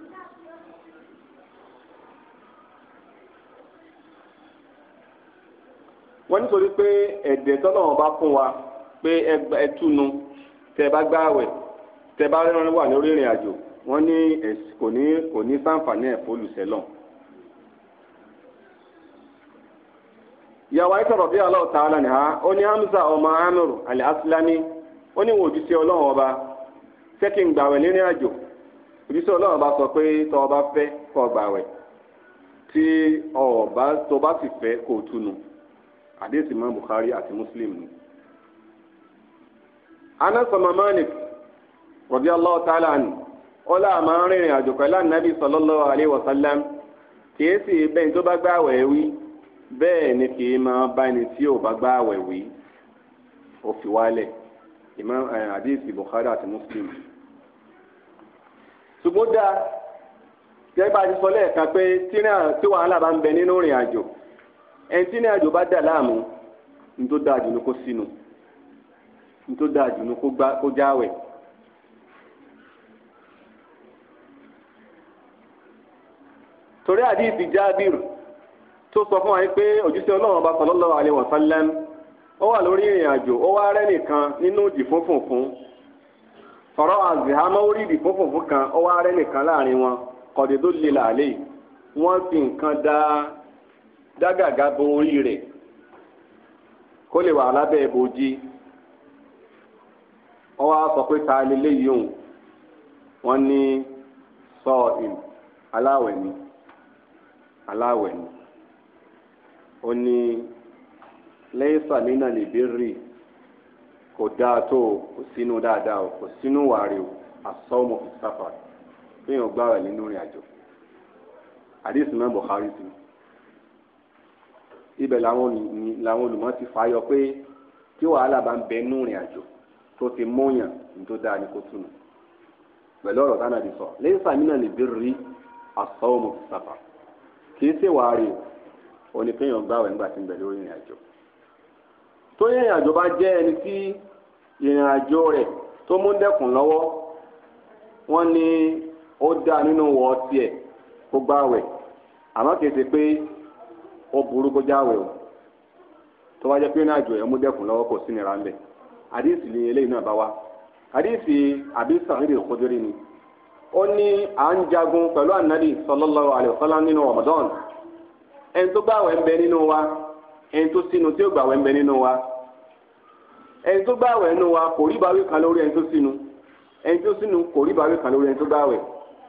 wọ́n nítorí pé ẹ̀dẹ̀ tọ́lọ́wọ́n bá fún wa pé ẹtúnu tẹ bá gbáwẹ̀ tẹ bá rẹ́rán wà lórí ìrìn àjò wọ́n ní kò ní kò ní sáǹfààní ẹ̀ ìyàwó àyíká rọ̀bí aláwọ̀ tààlà nìha ó ní hamza ọmọ amir al-aslami ó ní wò ojúṣe ọlọ́run ọba sẹ́kì ń gbàwẹ̀ nínú àjò ojúṣe ọlọ́run ọba sọ pé tọ́ ọba fẹ́ kọ́ gbàwẹ̀ tí ọba tó bá sì fẹ́ kó túnu àdéhùn mọ́ Bukhari ati Muslim ni. Anas ọmọ Malik rọ̀bí aláwọ̀ tààlà ni ó láà máa ń rìnrìn àjò pẹ̀lú ànábì sallallahu alaihi wasallam kìí sì bẹ́ẹ̀ tó bá gbàwẹ̀ wí. bẹ́ẹ̀ ni kì í máa bá ẹni tí ò bá gbá àwẹ̀ wí ó fi wálẹ̀ ìmọ̀ eh, Bukhari àti Muslim. ṣùgbọ́n dáa gẹ́gẹ́ bá a ti sọ lẹ́ẹ̀kan pé tí wàhálà bá ń bẹ nínú ìrìn àjò ẹni tí ìrìn àjò bá dà láàmú ní tó dáa jù kó sínú ní tó dáa jù ní kó jáwẹ̀. torí àdìsí Jábìrì tó sọ fún wa yìí pé òjíṣẹ́ ọlọ́run ọba sallallahu alaihi wasallam ó wà lórí ìrìn àjò ó wá rẹ́ nìkan nínú ìdì funfunfun fọ̀rọ̀ àzìhámọ́ ó rí ìdì funfunfun kan ó wá rẹ́ nìkan láàrin wọn kọ̀dé tó le làálẹ̀ wọ́n fi nǹkan dá dágàgá bo orí rẹ̀ kó lè wà lábẹ́ ìbòjì wọ́n wá sọ pé ta lélẹ́yìí òun wọ́n ní sọ ìm aláwẹ̀ ni aláwẹ̀ ni. ó ní lẹ́yìn lè bèrè kò dáa tó o kò sínú dáadáa o kò sínú wàrí o àsọmọ ìsáfà fihàn gbára nínú ìrìn àjò àdéhùn náà Buhari sí ibẹ̀ làwọn olùmọ̀ ti fàyọ pé tí wàhálà bá ń bẹ nínú rìn àjò tó ti mọ̀yàn tó dáa kó túnú pẹ̀lú ọ̀rọ̀ tánà ti sọ lè àsọmọ kì í wàrí o. òní kéèyàn gbààwẹ̀ nígbà tí ń bẹ lórí ìrìn àjò tó yẹ ìrìn àjò bá ẹni tí ìrìn àjò tó mú lọwọ wọn ni ó nínú wọ tiẹ̀ kó gbààwẹ̀ àmọ́ kìí ṣe pé ó burú kó jáwẹ̀ o tó bá jẹ́ pé ìrìn àjò ẹ̀ mú dẹ́kun lọ́wọ́ kò sí nira eléyìí náà bá ni ẹni tó gbààwẹ̀ ń bẹ nínú wa ẹni tó sínú tí ó gbààwẹ̀ ń bẹ nínú wa ẹni tó gbààwẹ̀ nínú wa kò rí báwí kan lórí ẹni tó sínú ẹni tó sínú kò rí báwí kan lórí ẹni tó gbààwẹ̀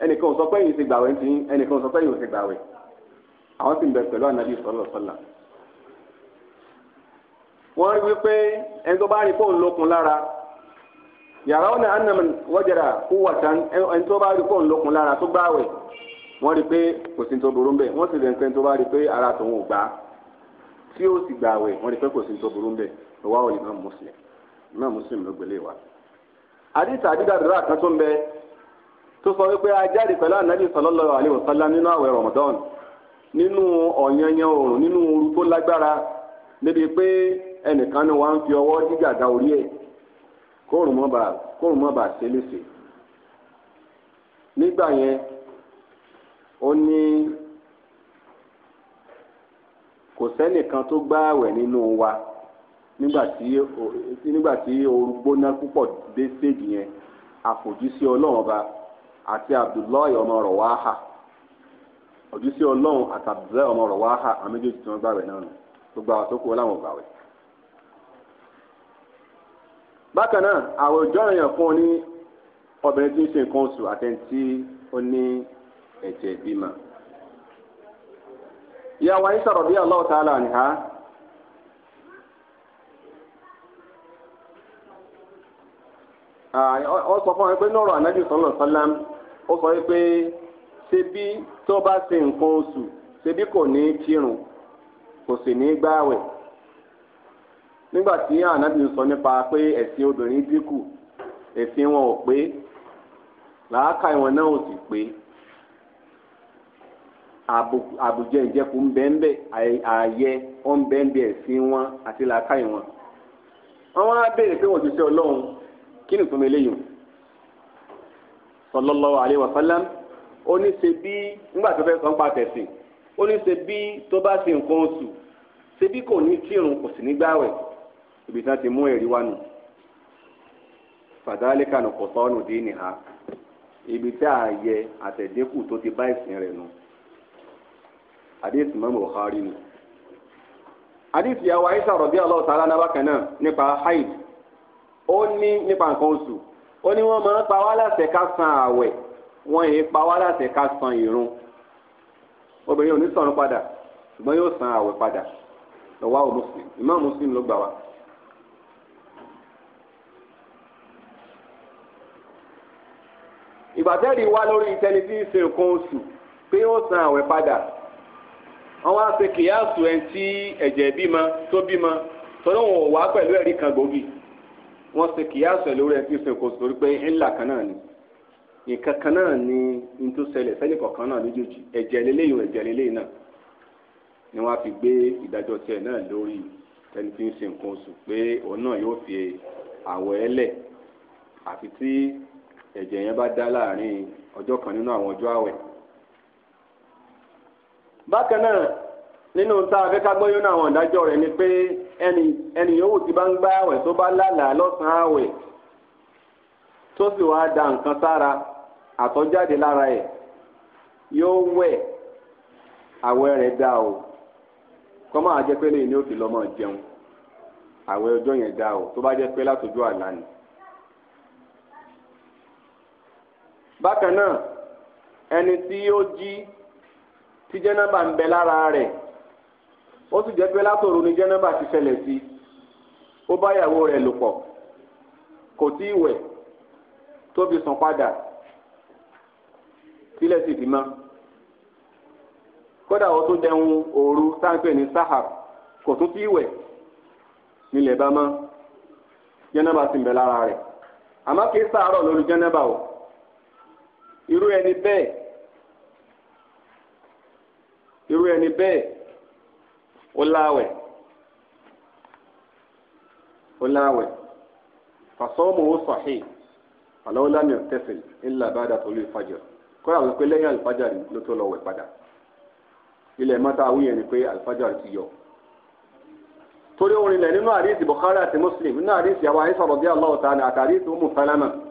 ẹnìkan ò sọ pé ẹ̀yin ti gbààwẹ̀ ń tiyín ẹnìkan ò sọ pé ẹ̀yin ò ti gbààwẹ̀ àwọn sì ń bẹ pẹ̀lú ànábì sọlọ wọ́n rí wípé ẹni tó bá rí fóun lókun lára yàrá ọ̀nà ànàmọ̀ wọ́jàrà kú wàtán wọ́n rí i pé kò sí tó burú bẹ́ẹ̀ wọ́n sì lè pẹ́ tó bá rí i pé ara tòun ò gbà tí ó sì gbà wẹ̀ wọ́n rí pé kò sí tó burú bẹ́ẹ̀ lọ́wọ́ àwọn Imam Muslim Imam Muslim ló gbélé wa. àdìsá àdìdàdúrà kan tó ń bẹ tó sọ wípé ajáde pẹ̀lú ànábì sallallahu alaihi wasallam nínú àwẹ̀ Ramadan nínú ọ̀yanyan oòrùn nínú ooru tó lágbára níbi pé ẹnìkan ni wọ́n á ń fi ọwọ́ dígàgà orí ẹ̀ kóòrùn mọ́ bàá ṣe léṣe nígbà yẹn ó ní kò sẹ́nìkan tó gba àwẹ̀ nínú wa nígbà tí ooru gbóná púpọ̀ dé stage yẹn àfòjúsí ọlọ́run ọba àti abdullahi ọmọ rọwáhà òjúsí ọlọ́run àti abdullahi ọmọ rọwáhà àwọn méjèèjì tí wọ́n gbàwẹ̀ náà nù gbogbo àwọn tó kú wọn làwọn gbàwẹ̀. bákan náà àwẹ̀ òjò àyàn fún ọ ní obìnrin tí ń ṣe nǹkan oṣù àtẹ̀ntì ó ní ẹ̀jẹ̀ bímọ. ìyá wa Aisha radiyallahu ta'ala anha. ọ sọ fún wa pé lọ́rọ̀ ànábì sọ́lọ̀ sálám ó sọ pé bí tó bá ṣe nǹkan oṣù bí kò ní kírun kò sì ní gbáwẹ̀ nígbà tí sọ nípa pé ẹ̀sìn obìnrin dínkù ẹ̀sìn wọn ò pé ìwọ̀n náà ò àbùjẹ ìjẹkù ń bẹ́ẹ̀ bẹ́ẹ̀ ààyẹ ó ń bẹ́ẹ̀ bẹ́ẹ̀ sí wọn àti làákàyè wọn. àwọn á béèrè pé wọ́n ti ṣe ọlọ́run kí ni ìtumọ̀ eléyìí sallallahu alaihi wasallam ó ní ṣe bí nígbà tó fẹ́ sọ ń pa tẹ̀sìn ó ní ṣe bí tó bá ṣe nǹkan oṣù ṣe bí kò ní kírun kò sì ní gbààwẹ̀ ibi tí wọ́n ti mú ẹ̀rí wá nù fàdálẹ́kànù kọ̀tọ́nù dín nìha ibi tí ààyè àtẹ̀dínkù tó ti bá ìsìn rẹ̀ nù. No hadith mọ́mọ́ Bukhari ni hadith yà wá Aisha radiyallahu ta'ala anha bákan náà nípa haid ó ní nípa nǹkan oṣù ó ní wọ́n máa ń pa wá láṣẹ ká san ààwẹ̀ wọ́n yìí pa wá láṣẹ ká san ìrun obìnrin ò ní sọ̀rọ̀ padà ṣùgbọ́n yóò san ààwẹ̀ padà lọ́wọ́ àwọn muslim imam muslim ló gbà wá. ìgbàtẹ́rì wá lórí tẹni tí ń ṣe nǹkan oṣù pé ó san ààwẹ̀ padà àwọn àṣẹ kìyàsù ẹ tí ẹ̀jẹ̀ bímọ tó bímọ tọ́lọ́ pẹ̀lú kan gbòógì wọ́n ṣe kìyàsù lórí ẹ̀ tí kan náà ni nǹkan náà ni náà náà ni fi náà lórí ẹni tí ń pé òun náà yóò fi àfi tí yẹn bá kan nínú àwọn ọjọ bákan náà nínú tá a fẹ́ ká gbọ́ yónú ni pé ẹni ẹni yòówù ti bá ń gbá àwẹ̀ tó bá lálàá lọ́sàn-án àwẹ̀ tó sì wá da nǹkan sára àtọ́jáde lára ẹ̀ yóò wẹ̀ àwẹ̀ rẹ̀ dá o kọ́mọ́ àjẹ́ pé lọ́mọ jẹun àwẹ̀ ọjọ́ yẹn dá o tó bá jẹ́ pé látọjú àlá ni. bákan náà ẹni tí yóò tí jẹ́nàbà ń bẹ lára rẹ̀ ó sì jẹ́ ni jẹ́nàbà ti ṣẹlẹ̀ sí ó bá ìyàwó rẹ lò pọ̀ kò tí ì tó fi sùn padà sílẹ̀ sì dì kódà ó tún dẹ̀hun òru sáńpẹ̀ ní sahara kò tún tí ì wẹ̀ bá mọ́ jẹ́nàbà sì irú ẹni bẹ́ẹ̀ ó láwẹ̀ ó láwẹ̀ fàṣọ́mù ó sahih àlọ́ lámì ọ̀tẹ́sìn ńlá bàdà tó lè fàjọ kọ́ àwọn pé lẹ́yìn àlùfájà ló tó lọ wẹ̀ padà ilẹ̀ mọ́ta awúyẹ̀ ni pé àlùfájà ti yọ torí orin lẹ nínú àdìsí Bukhari àti Muslim nínú àdìsí àwọn àyíṣà rọ̀bí aláwọ̀ tààlà àti àdìsí umu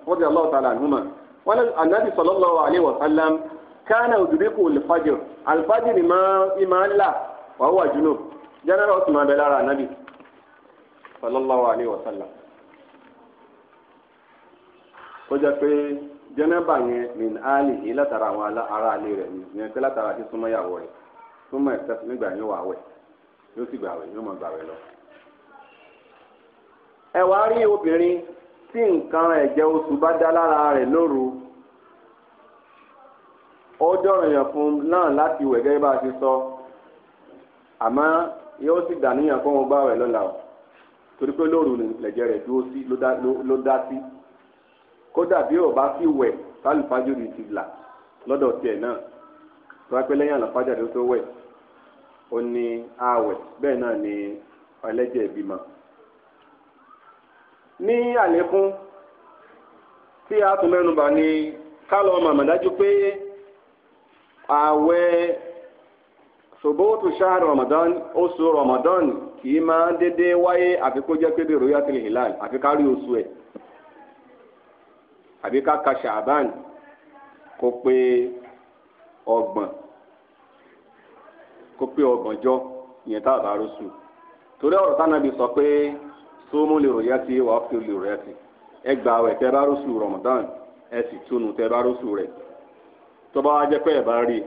rọ̀bí aláwọ̀ tààlà àhùmà wọn ànábì sallallahu alaihi wa sallam kana òdùdíkù alifajir ma ìmọ̀ la wà wà junub jẹ́nẹ́rà ó sì máa bẹ lára sallallahu wa sallam kó min ali ni yẹn pé látara ti súnmọ́ ìyàwó rẹ̀ súnmọ́ ìfẹ́sùn e nígbà yẹn wà wẹ̀ yóò sì gbàwẹ̀ ó dọ̀rọ̀ yàn fún náà láti wẹ̀ gẹ́gẹ́ bá a ti sọ àmọ́ yóò sì dàníyàn fún òun bá wẹ̀ lọ́la o torí pé lóru lẹ̀jẹ̀ rẹ̀ dúró sí ló dá sí kódà bí ò bá sí wẹ̀ tálùfájú rí ti là lọ́dọ̀ tiẹ̀ náà tó wá pé lẹ́yìn àlàfájà ló tó wẹ̀ ó ní ààwẹ̀ bẹ́ẹ̀ náà ni ẹlẹ́jẹ̀ ìbímọ. ní àlékún tí a tún mẹ́nubà ni ká lọ́ọ́ màmá dájú pé àwẹ̀ sobotu ṣáà ramadan osu ramadan kì ma dede waye dédé wáyé àfi kó jẹ́ pé bí hilal àfi ka ṣàbán kó pé ọgbọ̀n kó pé ọgbọ̀njọ́ ìyẹn tá a bá rọ́ṣù torí ọ̀rọ̀ sọ pé le fi le ròyà sí ramadan tó bá wá jẹ́ pé ẹ̀ bá rí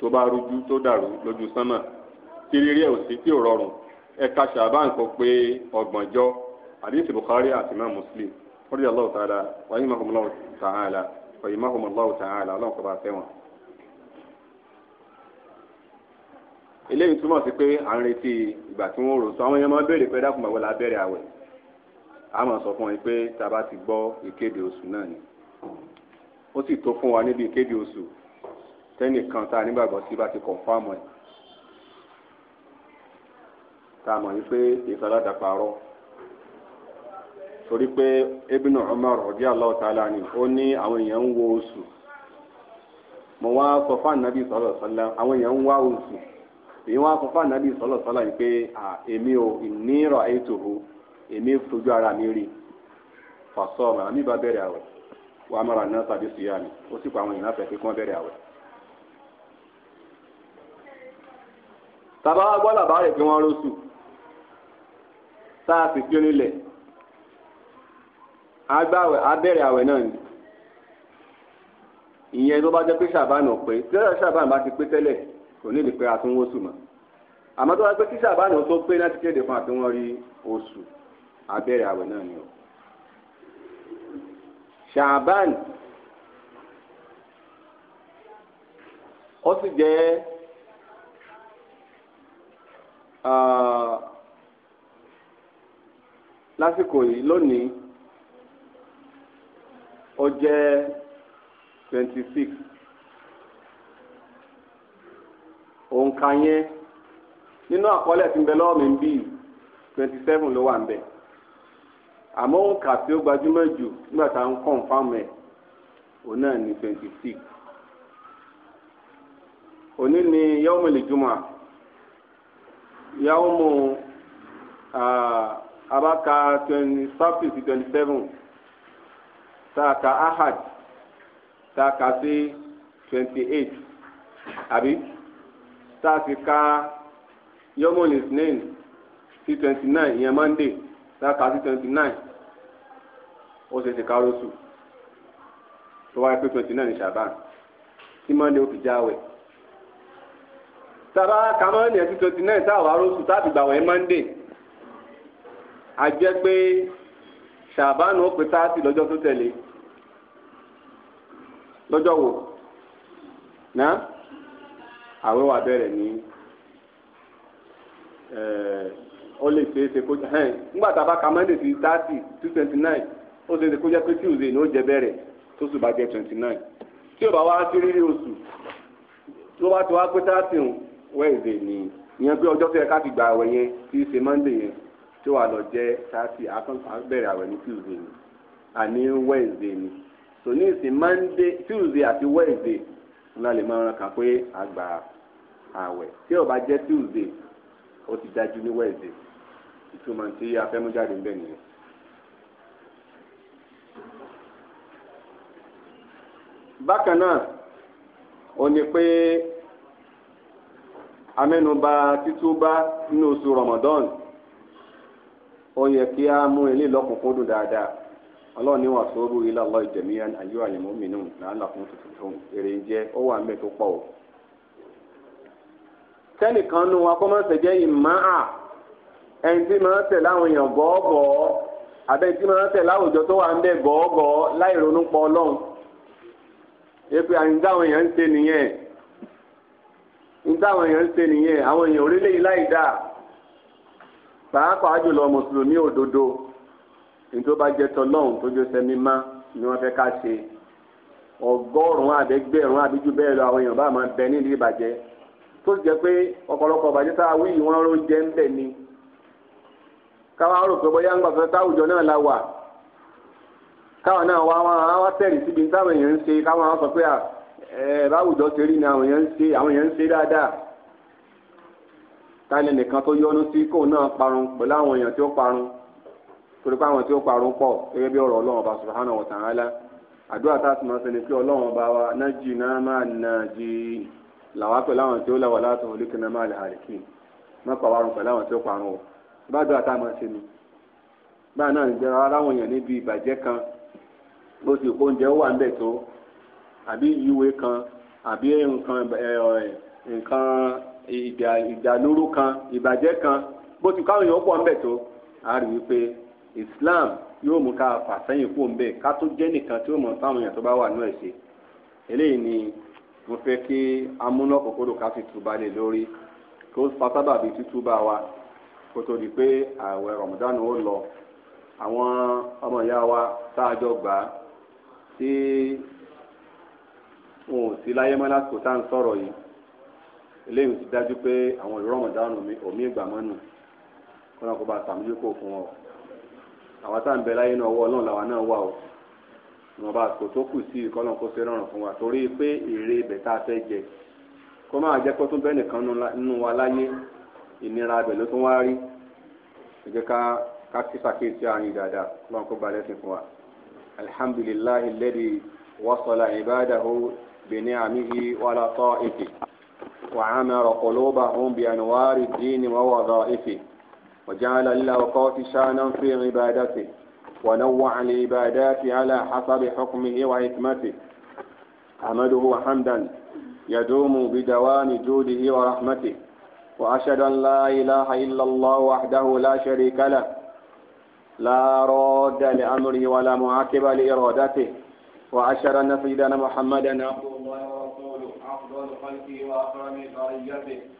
tó bá rújú tó dàrú lójú sánmà tí rírí ẹ̀ ò sí tí ò rọrùn ẹ̀ka ṣàbáǹ kó pé ọgbọ̀njọ́ àdìsí Bukhari àti Imam Muslim wọ́n yà lọ́wọ́ tààlà wàyí mahùn lọ́wọ́ tààlà wàyí mahùn lọ́wọ́ tààlà ọlọ́run kò bá fẹ́ wọn. eléyìí túmọ̀ sí pé à ń retí ìgbà tí wọ́n rò sọ àwọn èèyàn máa béèrè pé dákùnmọ̀ wọlé abẹ́rẹ́ àwẹ̀ àmọ̀ sọ fún wọn pé tá a bá ti gbọ́ ìkéde oṣù náà ni ó sì tó fún wa níbi ìkéde oṣù tẹ́nìkan tá a nígbàgbọ́ sí bá ti kọ̀ǹfàmù ẹ̀ tá a mọ̀ yí pé ìsàládà pààrọ̀ torí pé Ibn ala radiyallahu ni ó ní àwọn èèyàn ń wo oṣù mo wá sọ fún ànábì sallallahu alaihi àwọn èèyàn ń wá oṣù èyí wá sọ fún ànábì sallallahu alaihi yìí pé èmi ò ní ara mi rí fàṣọ ọmọ àmì bẹ̀rẹ̀ àwẹ̀. wàá mara náà tàbí sùúyà mi ó sì pa àwọn èèyàn láfẹ̀ẹ́ pé kí wọ́n bẹ̀rẹ̀ àwẹ̀. tàbá gbọ́ làbá rẹ̀ pé wọ́n rọ́ṣù tá a sì pín nílẹ̀ abẹ́rẹ́ àwẹ̀ náà ni ìyẹn tó bá jẹ́ pé ṣàbánù pé tẹ́lẹ̀ ṣàbánù bá ti pé tẹ́lẹ̀ kò ní ìdí pé a tún mọ́ àmọ́ tó bá pé kí ṣàbánù tó pé láti kéde fún àtiwọ́n rí oṣù abẹ́rẹ́ àwẹ̀ náà ni o ṣàbán ó sì jẹ́ lásìkò yìí lónìí ó jẹ́ twenty six òǹkà yẹn nínú àkọọ́lẹ̀ tí ń bẹ lọ́wọ́ mi ń bì twenty seven ló wà ń bẹ̀ àmọ́ òǹkà tí ó gbajúmọ̀ jù nígbà tá à ń kọ̀ǹfàmù ẹ̀ òun náà ní twenty six òní ni yawmu lìjúmọ̀ yawmu abáka twenty six to twenty seven tá a ka ahad tá a ka sí twenty eight àbí tá a sì ka yawmu lisnain sí twenty nine ìyẹn monday tá a ka sí twenty nine ó ṣe ti kárọ́sù tó wáyé pé twenty nine ṣàbán tí monday ó fi jáwẹ̀ tàbá kàmọ́ọ̀nì ẹ̀sìn twenty nine táwa rọ́sù táàbì gbàwẹ̀ monday a jẹ́ pé ṣàbánu ó pé táàtì lọ́jọ́ tó tẹ̀lé lọ́jọ́ wo náà àwẹ̀ wà bẹ̀rẹ̀ ní ó lè ṣeé ṣe kó jẹ́ nígbà tá a bá ka monday sí thirty two twenty nine ó ṣe é ṣe kó jẹ́ pé tuesday ní ó jẹ bẹ̀rẹ̀ tó sùn bá jẹ twenty nine tí ò bá wá sí rírí oṣù tó bá ti wá pé thirty wednesday ni ìyẹn pé ọjọ́ tó yẹ ká ti gba àwẹ̀ yẹn tí í ṣe monday yẹn tó wà lọ jẹ́ thirty àbẹ̀rẹ̀ àwẹ̀ ní tuesday ni àní wednesday ni tò ní ìsìn monday tuesday àti wednesday ńlá lè máa kà pé àgbà àwẹ̀ tí ò bá jẹ́ tuesday ó ti dájú ní wednesday ìtumọ̀ tí afẹ́mújáde ń bẹ̀ nìyẹn. bákan náà ó ní pé tituba títúbà nínú oṣù Ramadan ó yẹ kí a mú ilé lọ́kùnkúndùn dáadáa ọlọ́run ní wàsóòrù ilé ọlọ́ ìjẹ̀míyàn àyẹ̀mọ́ mìíràn làálà fún tuntun ń jẹ́ ó wà tó pọ̀ o. kẹ́nìkan nu akọ́mọ́sẹ̀ jẹ́ ìmáà ẹni tí máa ń tẹ̀ láwọn èèyàn tí máa ń tẹ̀ láwùjọ tó wà ń bẹ̀ láì ronú pọ̀ èpè àyìndáwọn èèyàn ń ṣe nìyẹn ìdáwọn èèyàn ń ṣe nìyẹn àwọn èèyàn orílẹ̀ yìí láì dáa pàápàá jùlọ mùsùlùmí òdodo nítorí bá jẹ́ tọlọ́hún tó jẹ́ sẹ́mi má ni wọ́n fẹ́ ká ṣe ọgọ́rùn-ún àbẹ́gbẹ̀rún àbíjú bẹ́ẹ̀ lọ àwọn èèyàn bá máa bẹ nílùú ìbàjẹ́ tó jẹ́ pé ọ̀pọ̀lọpọ̀ ìbàjẹ́ tá a wí yìí wọ́n ló ń jẹ́ ń bẹ̀ ni káwọn arò pé bóyá ń gbàgbọ́ táwùjọ náà la wà káwọn náà wá wọn àwọn tẹ̀lé síbi táwọn èèyàn ń ṣe káwọn àwọn sọ pé ẹ báwùjọ ṣe rí ni àwọn èèyàn ń ṣe àwọn èèyàn ń ṣe dáadáa táyà nìkan tó yọnu sí kóun náà parun pẹ̀lú àwọn èèyàn tí ó parun torí pé àwọn tí ó parun pọ̀ gẹ́gẹ́ bí ọ̀rọ̀ ọlọ́run ọba subhanahu wa ta'ala àdúrà tá a sì máa sẹni pé ọlọ́run ọba wa nájì náà máa nà jí làwa pẹ̀lú àwọn tí ó làwà látò olùkìnnà máa lè àríkì má pàwárùn pẹ̀lú àwọn tí ó parun o bá àdúrà tá a máa ṣe ni báyìí náà ń jẹrọ aráwọn èèyàn níbi ìbàjẹ́ kan bó ti kó oúnjẹ wà níbẹ̀ tó àbí ìwé kan àbí nǹkan nǹkan kan ìbàjẹ́ kan bó ti káwọn èèyàn pọ̀ níbẹ̀ a rí i pé Islam yóò mú ká fàsẹ́yìn kó níbẹ̀ ká tó jẹ́ nìkan tí ó mọ̀ táwọn èèyàn tó bá wà ni mo fẹ́ kí fi lè lórí kó bíi wa kó di pé ó lọ àwọn ọmọ wa tá a jọ tí wọn ò sí láyé mọ́ lásìkò tá à ń sọ̀rọ̀ yìí eléyìí ti dájú pé àwọn omi ìgbà mọ́nù kọ́nà kó bá fún ọ àwọn tá à bẹ láyé náà ọlọ́run wà o ìwọ̀n bá tó kù sí fún wa torí pé èrè ibẹ̀ tá a fẹ́ jẹ kó jẹ́ kó tún nìkan nínú wa láyé ìnira ibẹ̀ ló tún wá rí ẹ jẹ́ ká ká kí sàkíyèsí àárín fún wa. الحمد لله الذي وصل عباده بنعمه ولطائفه وعمر قلوبهم بأنوار الدين ووظائفه وجعل الأوقات شانا في عبادته ونوع العبادات على حسب حكمه وحكمته أحمده حمدا يدوم بدوام جوده ورحمته وأشهد أن لا إله إلا الله وحده لا شريك له لا راد لأمره ولا معاقب لإرادته وأشهد أن سيدنا محمدا عبده الله ورسوله أفضل خلقه وأكرم بريته